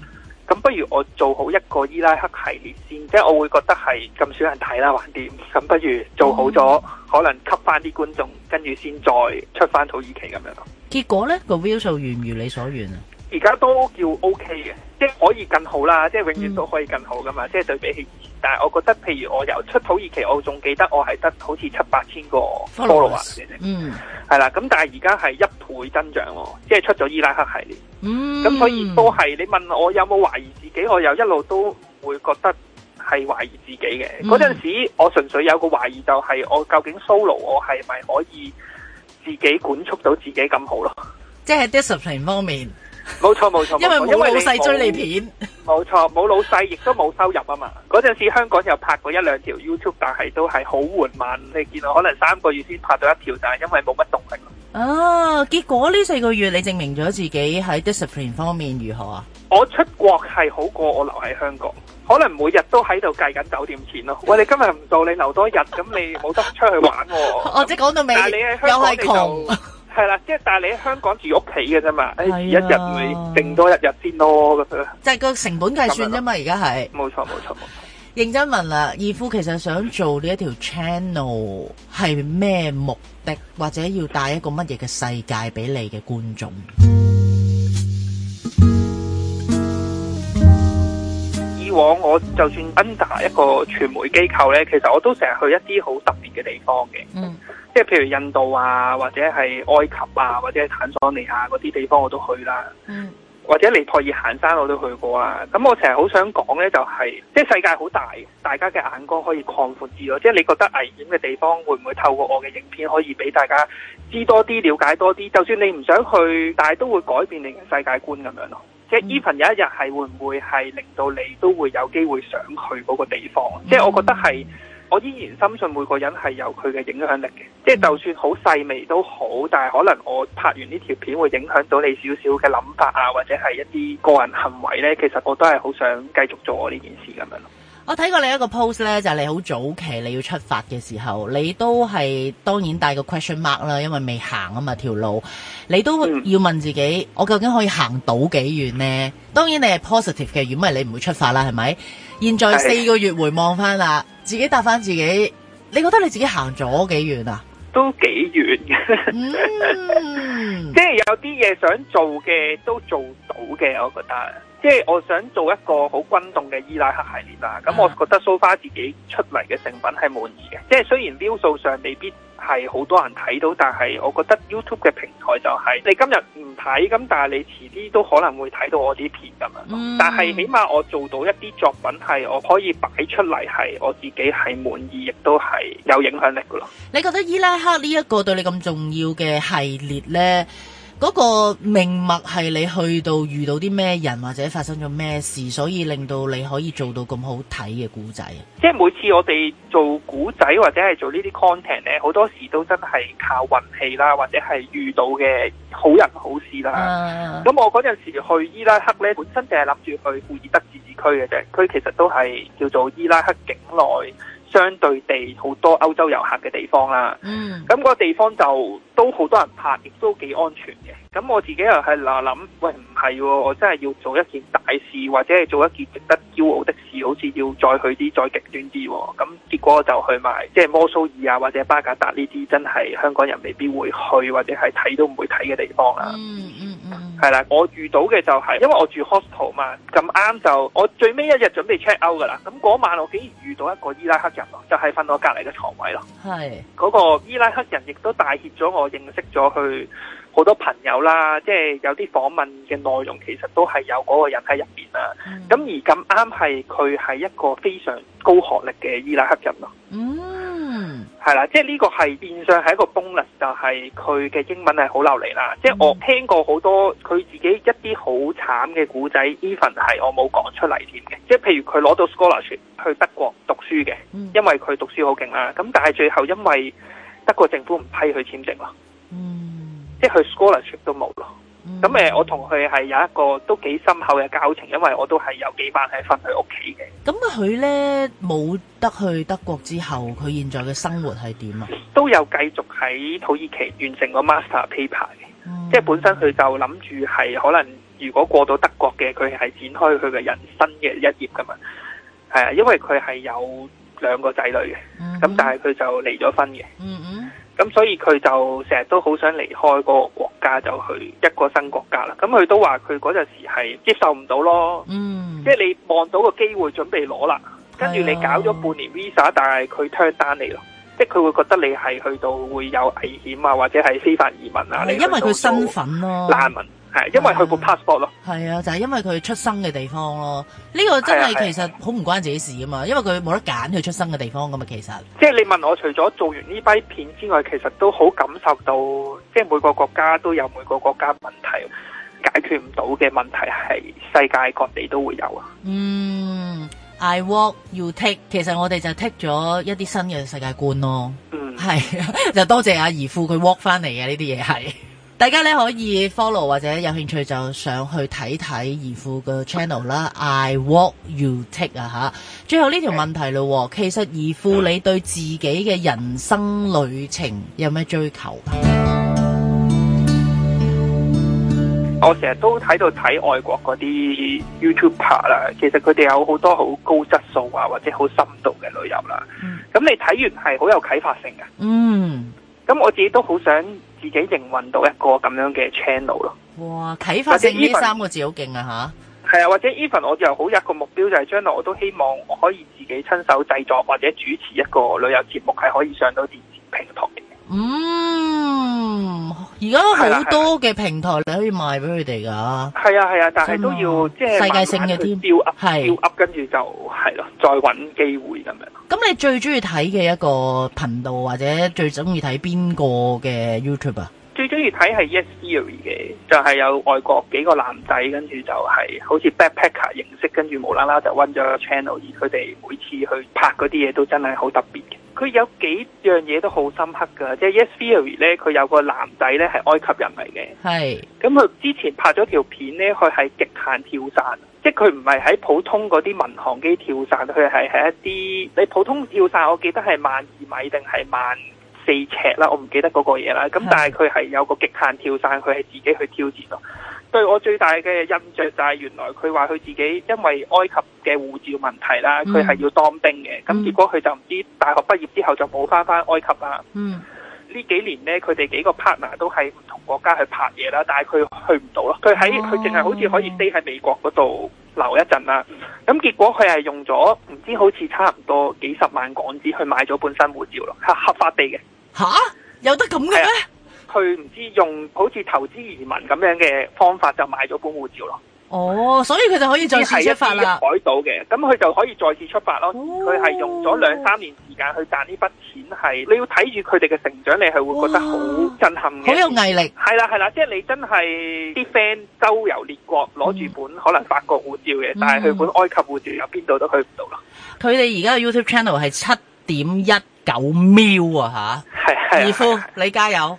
S5: 咁不如我做好一個伊拉克系列先，即係我會覺得係咁少人睇啦，玩啲。咁不如做好咗，嗯、可能吸翻啲觀眾，跟住先再出翻土耳其咁樣咯。
S1: 結果呢個 view 數遠唔如你所願啊！
S5: 而家都叫 OK 嘅，即係可以更好啦，即係永遠都可以更好噶嘛。Mm. 即係對比起以前。但係我覺得，譬如我由出土耳其，我仲記得我係得好似七八千個 solo 啊，嗯 Follow .、mm.，係啦。咁但係而家係一倍增長咯，即係出咗伊拉克系列。嗯，
S7: 咁
S5: 所以都係你問我有冇懷疑自己，我又一路都會覺得係懷疑自己嘅。嗰陣、mm. 時我純粹有個懷疑，就係我究竟 solo 我係咪可以自己管束到自己咁好咯？
S1: 即係 discipline 方面。
S5: 冇錯冇錯，錯錯 因為冇老細追你片你，冇錯，冇老細，亦都冇收入啊嘛。嗰陣時香港又拍過一兩條 YouTube，但係都係好緩慢。你見到可能三個月先拍到一條，但係因為冇乜動力
S1: 啊，結果呢四個月你證明咗自己喺 discipline 方面如何啊？
S5: 我出國係好過我留喺香港，可能每日都喺度計緊酒店錢咯、哦。我、 哎、你今日唔做，你留多一日，咁你冇得出去玩喎、哦。我即講到尾，但你喺香港又係窮。係啦，即係但係你喺香港住屋企嘅啫嘛，誒，一日會定多一日先
S1: 咯，咁啊。就係個成本計算啫嘛，而家係。冇錯冇錯冇錯，認真問啦，義父其實想做呢一條 channel 係咩目的，或者要帶一個乜嘢嘅世界俾你嘅觀眾？
S5: 往我就算 under 一個傳媒機構呢，其實我都成日去一啲好特別嘅地方嘅，即係、嗯、譬如印度啊，或者係埃及啊，或者坦桑尼亞嗰啲地方我都去啦，嗯、或者尼泊爾行山我都去過啊。咁我成日好想講呢、就是，就係即係世界好大，大家嘅眼光可以擴闊啲咯。即係你覺得危險嘅地方，會唔會透過我嘅影片可以俾大家知多啲、了解多啲？就算你唔想去，但係都會改變你嘅世界觀咁樣咯。即係 even 有一日係會唔會係令到你都會有機會想去嗰個地方？即係我覺得係我依然深信每個人係有佢嘅影響力嘅，即係就算好細微都好，但係可能我拍完呢條片會影響到你少少嘅諗法啊，或者係一啲個人行為呢。其實我都係好想繼續做我呢件事咁樣咯。我
S1: 睇過你一個 post 呢，就係、是、你好早期你要出發嘅時候，你都係當然帶個 question mark 啦，因為未行啊嘛條路，你都要問自己，嗯、我究竟可以行到幾遠呢？」當然你係 positive 嘅，如果唔係你唔會出發啦，係咪？現在四個月回望翻啦，的自己答翻自己，你覺得你自己行咗幾遠啊？
S5: 都幾遠、 嗯、即係有啲嘢想做嘅都做到嘅，我覺得。即係我想做一個好轟動嘅伊拉克系列啦，咁我覺得 so far 自己出嚟嘅成品係滿意嘅。即係雖然 view 數上未必係好多人睇到，但係我覺得 YouTube 嘅平台就係、是、你今日唔睇，咁但係你遲啲都可能會睇到我啲片咁樣、嗯、但係起碼我做到一啲作品係我可以擺出嚟係我自己係滿意，亦都係有影響力噶咯。
S1: 你覺得伊拉克呢一個對你咁重要嘅系列呢？嗰個命脈係你去到遇到啲咩人或者發生咗咩事，所以令到你可以做到咁好睇嘅古仔。
S5: 即係每次我哋做古仔或者係做呢啲 content 咧，好多時都真係靠運氣啦，或者係遇到嘅好人好事啦。咁、uh. 我嗰陣時去伊拉克咧，本身就係諗住去庫爾德自治區嘅啫，佢其實都係叫做伊拉克境內相對地好多歐洲遊客嘅地方啦。嗯，咁個地方就。都好多人拍，亦都幾安全嘅。咁我自己又係嗱諗，喂唔係喎，我真係要做一件大事，或者係做一件值得驕傲的事，好似要再去啲再極端啲。咁結果我就去埋即係摩蘇爾啊，或者巴格達呢啲真係香港人未必會去，或者係睇都唔會睇嘅地方啦、嗯。嗯嗯嗯，係啦，我遇到嘅就係、是、因為我住 hostel 嘛，咁啱就我最尾一日準備 check out 㗎啦。咁嗰晚我竟然遇到一個伊拉克人咯，就係、是、瞓我隔離嘅床位咯。
S1: 係
S5: 嗰的個伊拉克人亦都帶挈咗我。我認識咗佢好多朋友啦，即係有啲訪問嘅內容，其實都係有嗰個人喺入邊啦。咁、mm. 而咁啱係佢係一個非常高學歷嘅伊拉克人咯。嗯，係啦，即係呢個係變相係一個功能，就係佢嘅英文係好流利啦。Mm. 即係我聽過好多佢自己一啲好慘嘅古仔，even 係我冇講出嚟添嘅。即係譬如佢攞到 scholarship 去德國讀書嘅，mm. 因為佢讀書好勁啦。咁但係最後因為德國政府唔批佢簽證咯，嗯，即係佢 scholarship 都冇咯。咁、嗯、我同佢係有一個都幾深厚嘅交情，因為我都係有幾晚係瞓佢屋企
S1: 嘅。咁佢、嗯、呢冇得去德國之後，佢現在嘅生活係點啊？
S5: 都有繼續喺土耳其完成個 master paper 嘅，嗯、即係本身佢就諗住係可能如果過到德國嘅，佢係展開佢嘅人生嘅一頁噶嘛。係啊，因為佢係有。兩個仔女嘅，咁但係佢就離咗婚嘅，
S7: 咁、mm
S5: hmm. 所以佢就成日都好想離開個國家，就去一個新國家啦。咁佢都話佢嗰陣時係接受唔、mm hmm. 到咯，即係你望到個機會準備攞啦，跟住你搞咗半年 visa，但係佢 turn down 你咯，即係佢會覺得你係去到會有危險啊，或者係非法移民啊，因為佢身
S1: 份咯，難
S5: 民。係，因為佢冇 passport
S1: 咯。係啊，就係、是、因為佢出生嘅地方咯。呢、這個真係、啊啊、其實好唔關自己事啊嘛，因為佢冇得揀佢出生嘅地方㗎嘛，其實。
S5: 即係你問我，除咗做完呢批片之外，其實都好感受到，即係每個國家都有每個國家問題，解決唔到嘅問題係世界各地都會有
S1: 啊。嗯，I walk you take，其實我哋就 take 咗一啲新嘅世界觀咯。嗯，係就多謝，謝阿姨父佢 walk 翻嚟嘅呢啲嘢係。大家咧可以 follow 或者有興趣就上去睇睇姨父嘅 channel 啦。嗯、I walk you take 啊吓。最後呢條問題咯，嗯、其實姨父你對自己嘅人生旅程有咩追
S5: 求？我成日都睇到睇外國嗰啲 YouTuber 啦，其實佢哋有好多好高質素啊，或者好深度嘅旅遊啦。咁、嗯、你睇完係好有啟發性㗎。
S1: 嗯，
S5: 咁我自己都好想。自己營運到一個咁樣嘅 channel 咯。
S1: 哇！啟發性呢三個字好勁啊吓。
S5: 係啊，或者 even 我就好有一個目標就係，就係將來我都希望我可以自己親手製作或者主持一個旅遊節目，係可以上到電視平台的。嗯，
S1: 而家好多嘅平台你可以賣俾佢哋噶。係啊係啊，啊，啊，但係都要即係世界性嘅添，
S5: 係、啊，要 up 跟住就係咯，再揾機會咁樣。
S1: 咁、嗯、你最中意睇嘅一個頻道或者最中意睇邊個嘅 YouTube 啊？
S5: 最中意睇係 Yes Theory 嘅，就係、是、有外國幾個男仔，跟住就係好似 Backpacker 形式，跟住無啦啦就揾咗個 channel，而佢哋每次去拍嗰啲嘢都真係好特別嘅。佢有幾樣嘢都好深刻噶，即係 Yes Theory 咧，佢有個男仔咧係埃及人嚟嘅。
S1: 係是，
S5: 咁佢、嗯、之前拍咗條片咧，佢係極限跳傘，即係佢唔係喺普通嗰啲民航機跳傘，佢係喺一啲你普通跳傘，我記得係萬二米定係萬。四尺啦，我唔記得嗰個嘢啦。咁但係佢係有個極限跳傘，佢係自己去挑戰咯。對我最大嘅印象就係原來佢話佢自己因為埃及嘅護照問題啦，佢係要當兵嘅。咁、嗯、結果佢就唔知大學畢業之後就冇翻翻埃及啦。嗯，呢幾年呢，佢哋幾個 partner 都係唔同國家去拍嘢啦，但係佢去唔到咯。佢喺佢淨係好似可以飛喺美國嗰度留一陣啦。咁、嗯、結果佢係用咗唔知好似差唔多幾十萬港紙去買咗本身護照咯，係合法地嘅。吓有得咁嘅咩？佢唔、啊、知用好似投資移民咁樣嘅方法就買咗本護照咯。
S1: 哦，所以佢就可以再提一次改
S5: 到嘅，咁佢就可以再次出發咯。佢係、哦、用咗兩三年時間去賺呢筆錢，係你要睇住佢哋嘅成長，你係會覺得好震撼，好有毅力。係啦係啦，即係你真係啲 friend 周遊列國，攞住本可能法國護照嘅，嗯、但係佢本埃及護照，有邊度都去唔到啦。
S1: 佢哋而家嘅 YouTube channel 係七點一。九秒啊吓，姨夫，你加油！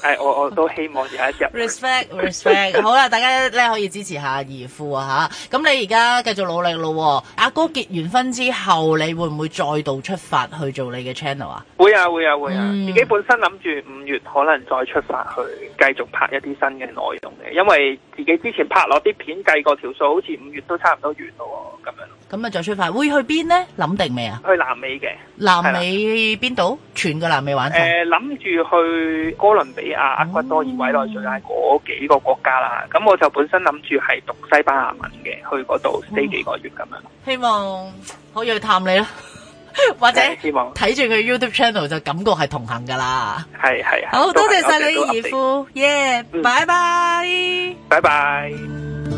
S5: 係我我都希望有一日。respect respect， 好啦，
S1: 大家咧可以支持下姨夫啊吓。咁、啊、你而家繼續努力咯、啊。阿哥結完婚之後，你會唔會再度出發去做你嘅 channel 啊，啊？
S5: 會啊會啊會啊！嗯、自己本身諗住五月可能再出發去繼續拍一啲新嘅內容嘅，因為自己之前拍落啲片計過條數，好似五月都差唔多完咯咁、啊、樣。
S1: 咁啊，再出發會去邊咧？諗定未啊？
S5: 去南美嘅
S1: 南美邊度？全個南美玩曬。誒，
S5: 諗住去哥倫比亞、厄瓜多爾、委內瑞拉嗰幾個國家啦。咁我就本身諗住係讀西班牙文嘅，去嗰度 stay 幾個月咁樣。
S1: 希望可以去探你咯，或者希望睇住佢 YouTube channel 就感覺係同行噶啦。
S5: 係係。好多謝細女姨
S1: 夫，耶！拜拜，
S5: 拜拜。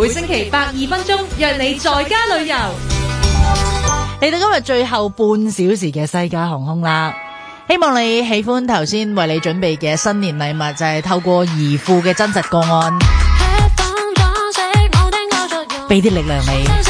S4: 每星期百二分鐘，約你在家
S2: 旅遊。
S1: 嚟到今日最後半小時嘅西加航空啦，希望你喜歡頭先為你準備嘅新年禮物，就係透過姨父嘅真實個案，
S4: 俾啲力量你。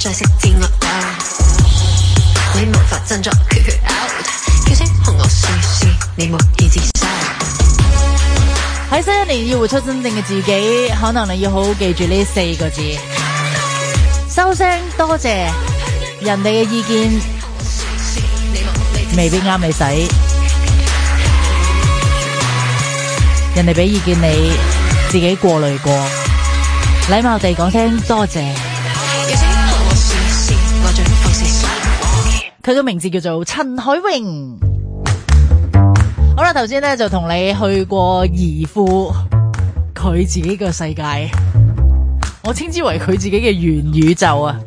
S4: 再識自我救，你無法振作，決決 out，叫聲看我帥帥，你沒自知
S1: 羞。喺新一年要活出真正嘅自己，可能你要好好記住呢四個字。收聲，多謝。人哋嘅意見，未必啱你使，人哋俾意見你自己過濾過，禮貌地講聲多謝。佢個名字叫做陳海榮。好啦，頭先咧就同你去過姨父佢自己個世界，我稱之為佢自己嘅元宇宙啊。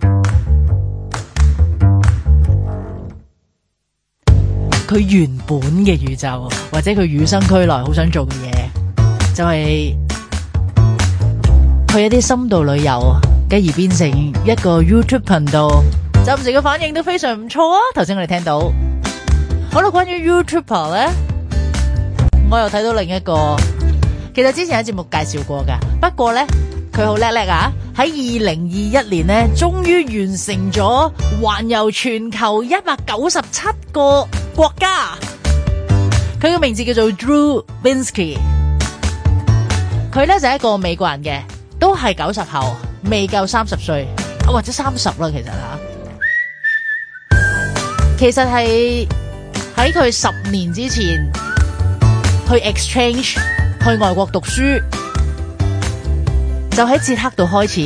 S1: 佢原本嘅宇宙，或者佢與生俱來好想做嘅嘢，就係佢一啲深度旅遊，繼而變成一個 YouTube 頻道。暫時嘅反應都非常唔錯啊！頭先我哋聽到好啦，關於 YouTuber 咧，我又睇到另一個。其實之前喺節目介紹過噶，不過咧佢好叻叻啊！喺二零二一年咧，終於完成咗環遊全球一百九十七個國家。佢嘅名字叫做 Drew Binsky，佢咧就係一個美國人嘅，都係九十後，未夠三十歲啊，或者三十啦，其實吓。其實係喺佢十年之前去 exchange 去外國讀書，就喺捷克度開始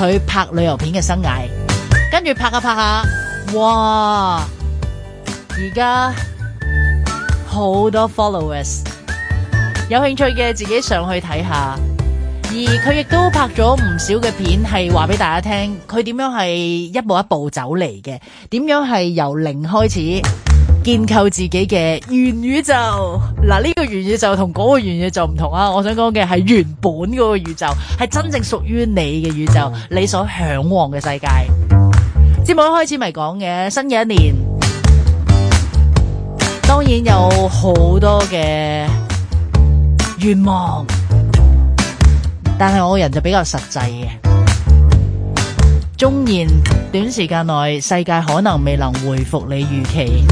S1: 佢拍旅遊片嘅生涯，跟住拍下拍下，哇！而家好多 followers，有興趣嘅自己上去睇下。而佢亦都拍咗唔少嘅片，係話俾大家聽佢點樣係一步一步走嚟嘅，點樣係由零開始建構自己嘅原宇宙。嗱，呢個原宇宙同嗰個原宇宙唔同啊！我想講嘅係原本嗰個宇宙，係真正屬於你嘅宇宙，你所向往嘅世界。節目一開始咪講嘅，新嘅一年，當然有好多嘅願望。但係我個人就比較實際嘅，縱然，短時間內世界可能未能回復你預期，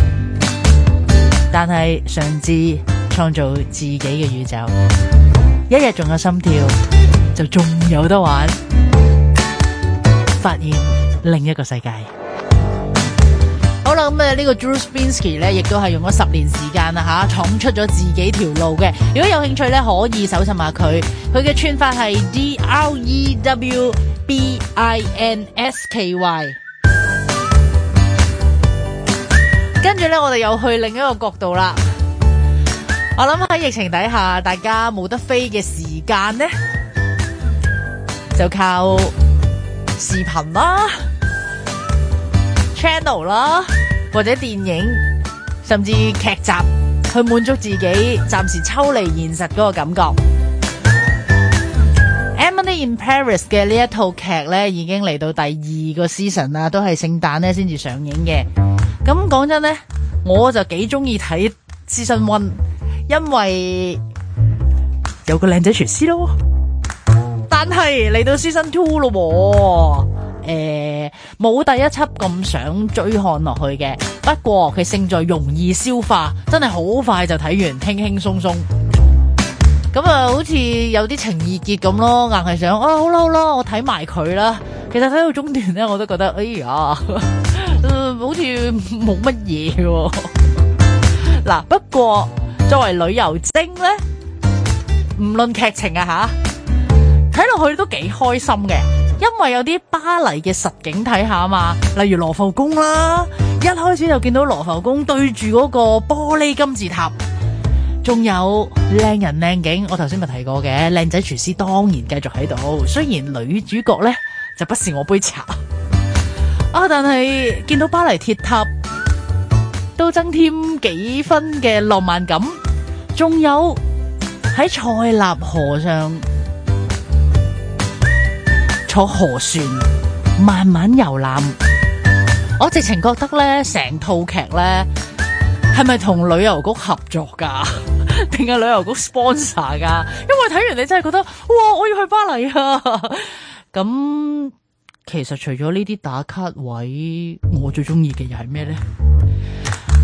S1: 但係嘗試創造自己嘅宇宙，一日仲有心跳，就仲有得玩，發現另一個世界。咁啊，呢個 Drew Binsky 咧，亦都係用咗十年時間啊，吓闖出咗自己條路嘅。如果有興趣咧，可以搜尋下佢，佢嘅串法係 D-R-E-W-B-I-N-S-K-Y。跟住咧，我哋又去另一個角度啦。我諗喺疫情底下，大家冇得飛嘅時間咧，就靠視頻啦。channel 咯，或者電影，甚至劇集，去滿足自己暫時抽離現實嗰個感覺。《Emily in Paris》嘅呢一套劇咧，已經嚟到第二個 season 啦，都係聖誕咧先至上映嘅。咁講真咧，我就幾中意睇 season one，因為有個靚仔廚師咯。但係嚟到 season two 咯。誒、冇、欸、第一輯咁想追看落去嘅，不過佢勝在容易消化，真係好快就睇完，輕輕鬆鬆。咁啊，好似有啲情意結咁咯，硬係想，哦好啦好啦，我睇埋佢啦。其實睇到中段咧，我都覺得，哎呀， 好似冇乜嘢。嗱， 不過作為旅遊精咧，唔論劇情啊吓，睇落去都幾開心嘅。因為有啲巴黎嘅實景睇下啊嘛，例如羅浮宮啦，一開始就見到羅浮宮對住嗰個玻璃金字塔，仲有靚人靚景，我頭先咪提過嘅靚仔廚師當然繼續喺度，雖然女主角呢就不是我杯茶啊，但係見到巴黎鐵塔都增添幾分嘅浪漫感，仲有喺塞納河上。坐河船，慢慢遊覽。我直情覺得咧，成套劇咧係咪同旅遊局合作噶，定係旅遊局 sponsor 噶？因為睇完你真係覺得，哇！我要去巴黎啊！咁其實除咗呢啲打卡位，我最中意嘅又係咩咧？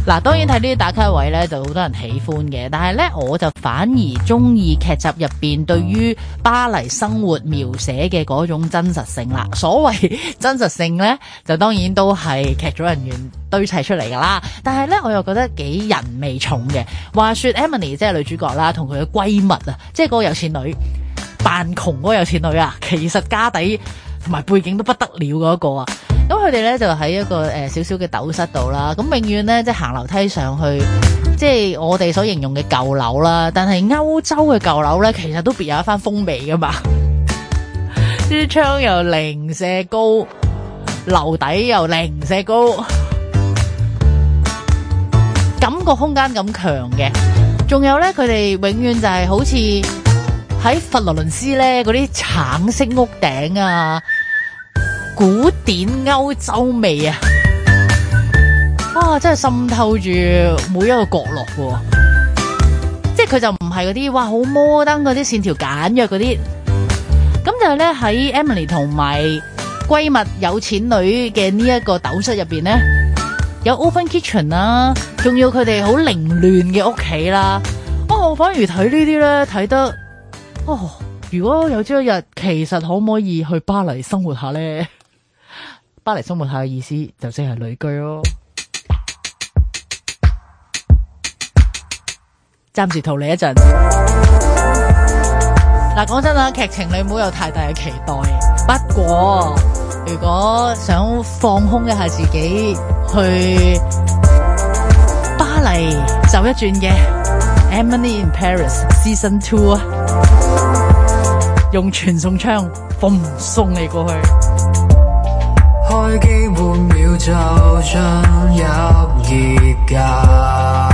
S1: 嗱，當然睇呢啲打卡位咧就好多人喜歡嘅，但係咧我就反而中意劇集入邊對於巴黎生活描寫嘅嗰種真實性啦。所謂真實性咧，就當然都係劇組人員堆砌出嚟噶啦。但係咧，我又覺得幾人味重嘅。話說 Emily 即係女主角啦，同佢嘅閨蜜啊，即係嗰個有錢女扮窮嗰個有錢女啊，其實家底同埋背景都不得了嗰個啊！咁佢哋咧就喺一個誒少少嘅斗室度啦，咁永遠咧即係行樓梯上去，即係我哋所形容嘅舊樓啦。但係歐洲嘅舊樓咧，其實都別有一番風味噶嘛。啲窗又零舍高，樓底又零舍高，感覺空間咁強嘅。仲有咧，佢哋永遠就係好似喺佛羅倫斯咧嗰啲橙色屋頂啊。古典歐洲味啊！哇，真係滲透住每一個角落喎、啊。即係佢就唔係嗰啲哇，好摩登嗰啲線條簡約嗰啲，咁就係咧喺 Emily 同埋閨蜜有錢女嘅呢一個斗室入邊咧，有 open kitchen 啦、啊，仲要佢哋好凌亂嘅屋企啦。哦、啊，我反而睇呢啲咧睇得，哦，如果有朝一日，其實可唔可以去巴黎生活一下咧？巴黎生活下嘅意思，就即係旅居咯、哦。暫時逃離一陣。嗱，講 真啦，劇情你唔好有太大嘅期待。不過，如果想放空一下自己，去巴黎走一轉嘅《Emily in Paris Season Two》，用傳送槍，boom，送你過去。開機，半
S3: 秒就進入異界。。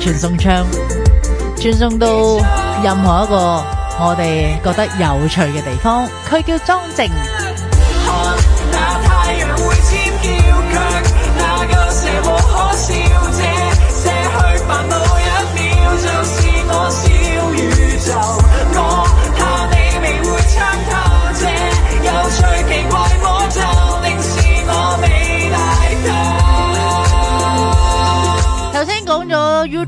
S1: 傳送槍，傳送到任何一個我哋覺得有趣嘅地方。佢叫莊靜。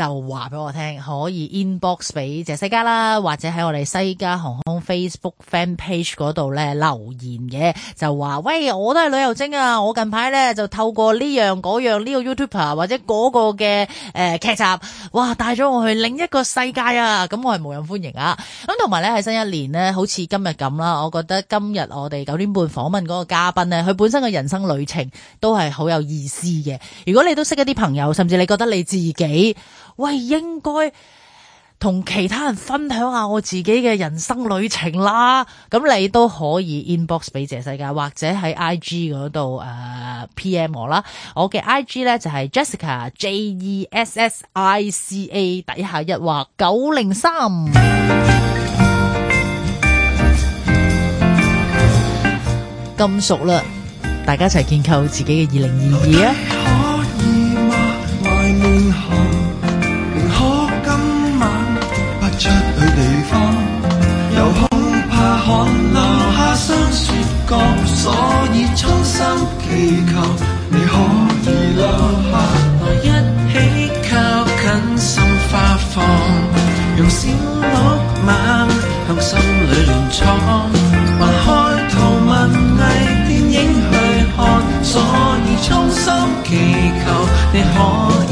S1: 就話俾我聽，可以 inbox 俾謝世嘉啦，或者喺我哋西加航空 Facebook fan page 嗰度咧留言嘅，就話：，喂，我都係旅遊精啊！我近排咧就透過呢樣嗰樣呢、呢個 YouTuber 或者嗰個嘅誒、呃、劇集，哇，帶咗我去另一個世界啊！咁我係無人歡迎啊！咁同埋咧喺新一年呢，好似今日咁啦，我覺得今日我哋九點半訪問嗰個嘉賓呢，佢本身嘅人生旅程都係好有意思嘅。如果你都識一啲朋友，甚至你覺得你自己。喂，應該同其他人分享下我自己嘅人生旅程啦。咁你都可以 inbox 俾謝世界，或者喺 IG 嗰度誒 PM 我啦。我嘅 IG 咧就係、是、Jessica J E S S I C A 底下一畫九零三，咁熟啦。大家一齊建構自己嘅二零二二啊
S2: ！Okay, 我留下霜雪角，所以衷心祈求你可以留下來，一起靠近心花放。用小鹿慢向心裏亂闖，還開同文藝電影去看，所以衷心祈求你可。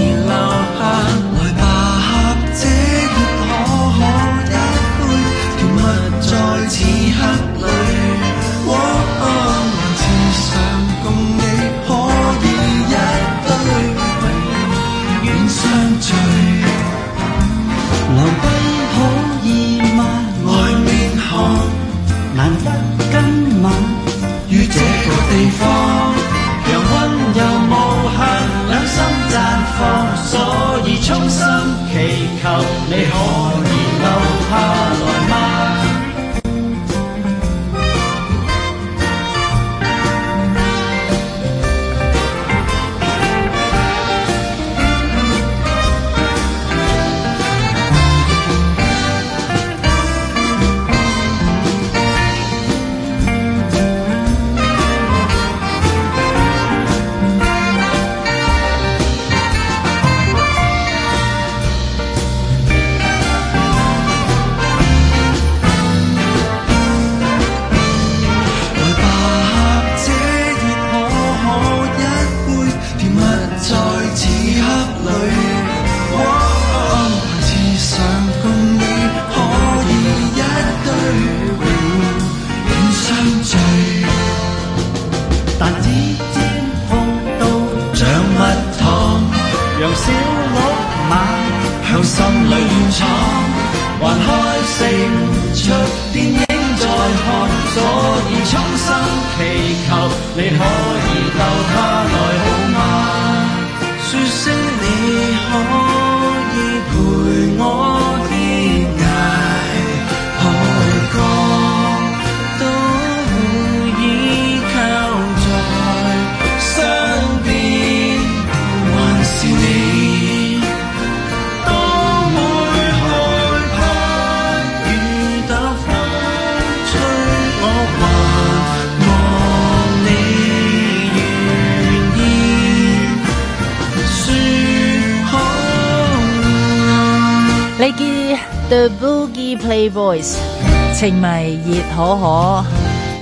S1: 情迷熱可可，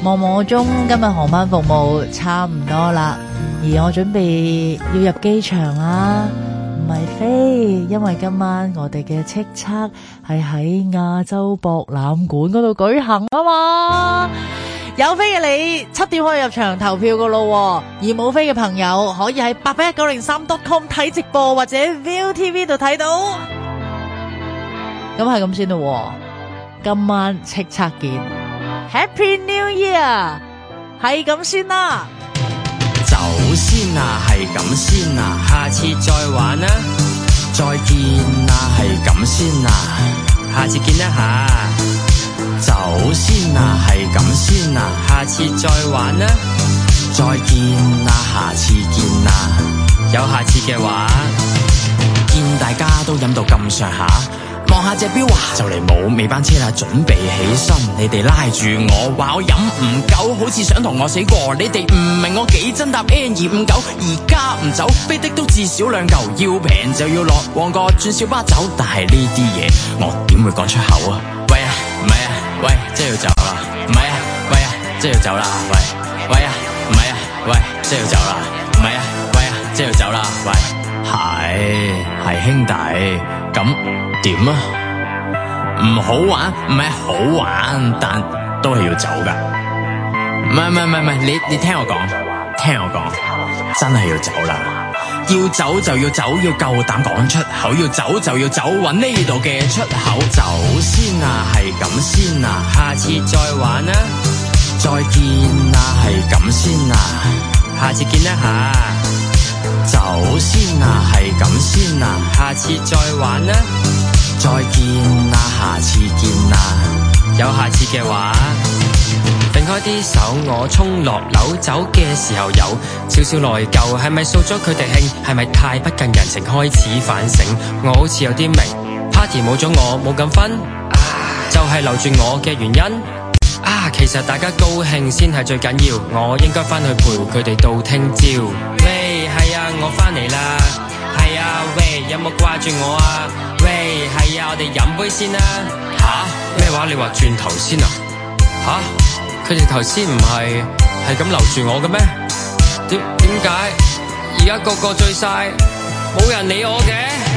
S1: 望望鐘，今日航班服務差唔多啦，而我準備要入機場啦，唔係飛，因為今晚我哋嘅叱咤係喺亞洲博覽館嗰度舉行啊嘛，有飛嘅你七點可以入場投票噶咯，而冇飛嘅朋友可以喺八一九零三 .com 睇直播或者 ViuTV 度睇到，咁係咁先咯。.今晚叱咤見，Happy New Year，係咁先啦，
S6: 走先啦、啊，係咁先啦、啊，下次再玩啦、啊，再見啦、啊，係咁先啦、啊，下次見一下，走先啦、啊，係咁先啦、啊，下次再玩啦、啊，再見啦、啊，下次見啦、啊，有下次嘅話，見大家都飲到咁上下。望下隻標啊，就嚟冇尾班車啦，準備起身。你哋拉住我，話我飲唔夠，好似想同我死過。你哋唔明我幾真搭 N 二五九，而家唔走，飛的都至少兩嚿。要平就要落旺角轉小巴走，但係呢啲嘢我點會講出口啊？喂啊，唔係啊，喂，即係要走啦。唔係啊，喂啊，即係要走啦。喂，喂啊，唔係啊，喂，即係要走啦。唔係啊，喂啊，即係要走啦。喂，係，係兄弟。咁點啊？
S7: 唔
S6: 好玩，唔係好玩，但都係要走噶。唔係唔係唔係，你你聽我講，聽我講，真係要走啦。要走就要走，要夠膽講出口。要走就要走，搵呢度嘅出口走先啊，係咁先啊，下次再玩啦啊，再見啊，係咁先啊，下次見啦吓。走先啊，係咁先啊，下次再玩啦、啊，再見啊，下次見啊，有下次嘅話，定開啲手，我衝落樓走嘅時候有，少少內疚，係咪掃咗佢哋興，係咪太不近人情，開始反省，我好似有啲明，Party 冇咗我冇咁分，啊、就係留住我嘅原因，啊，其實大家高興先係最緊要，我應該翻去陪佢哋到聽朝。係啊，我翻嚟啦。係啊，喂，有冇掛住我啊？喂，係啊，我哋飲杯先啦，啊。吓？咩話？你話轉頭先啊？吓？佢哋頭先唔係係咁留住我嘅咩？點點解而家個個醉晒，冇人理我嘅？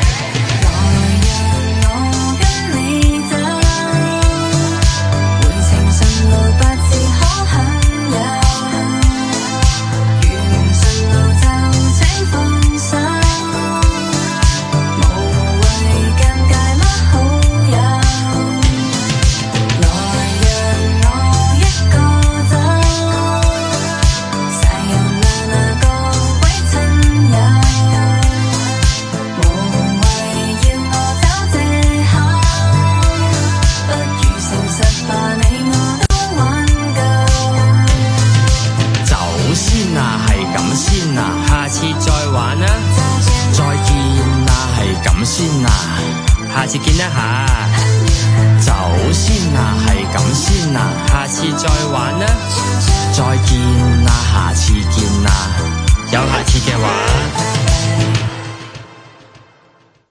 S6: 下次見一下。啊，走先啦，係咁先啦，下次再玩啦，再
S7: 見啦，下次見啦，有下次嘅話。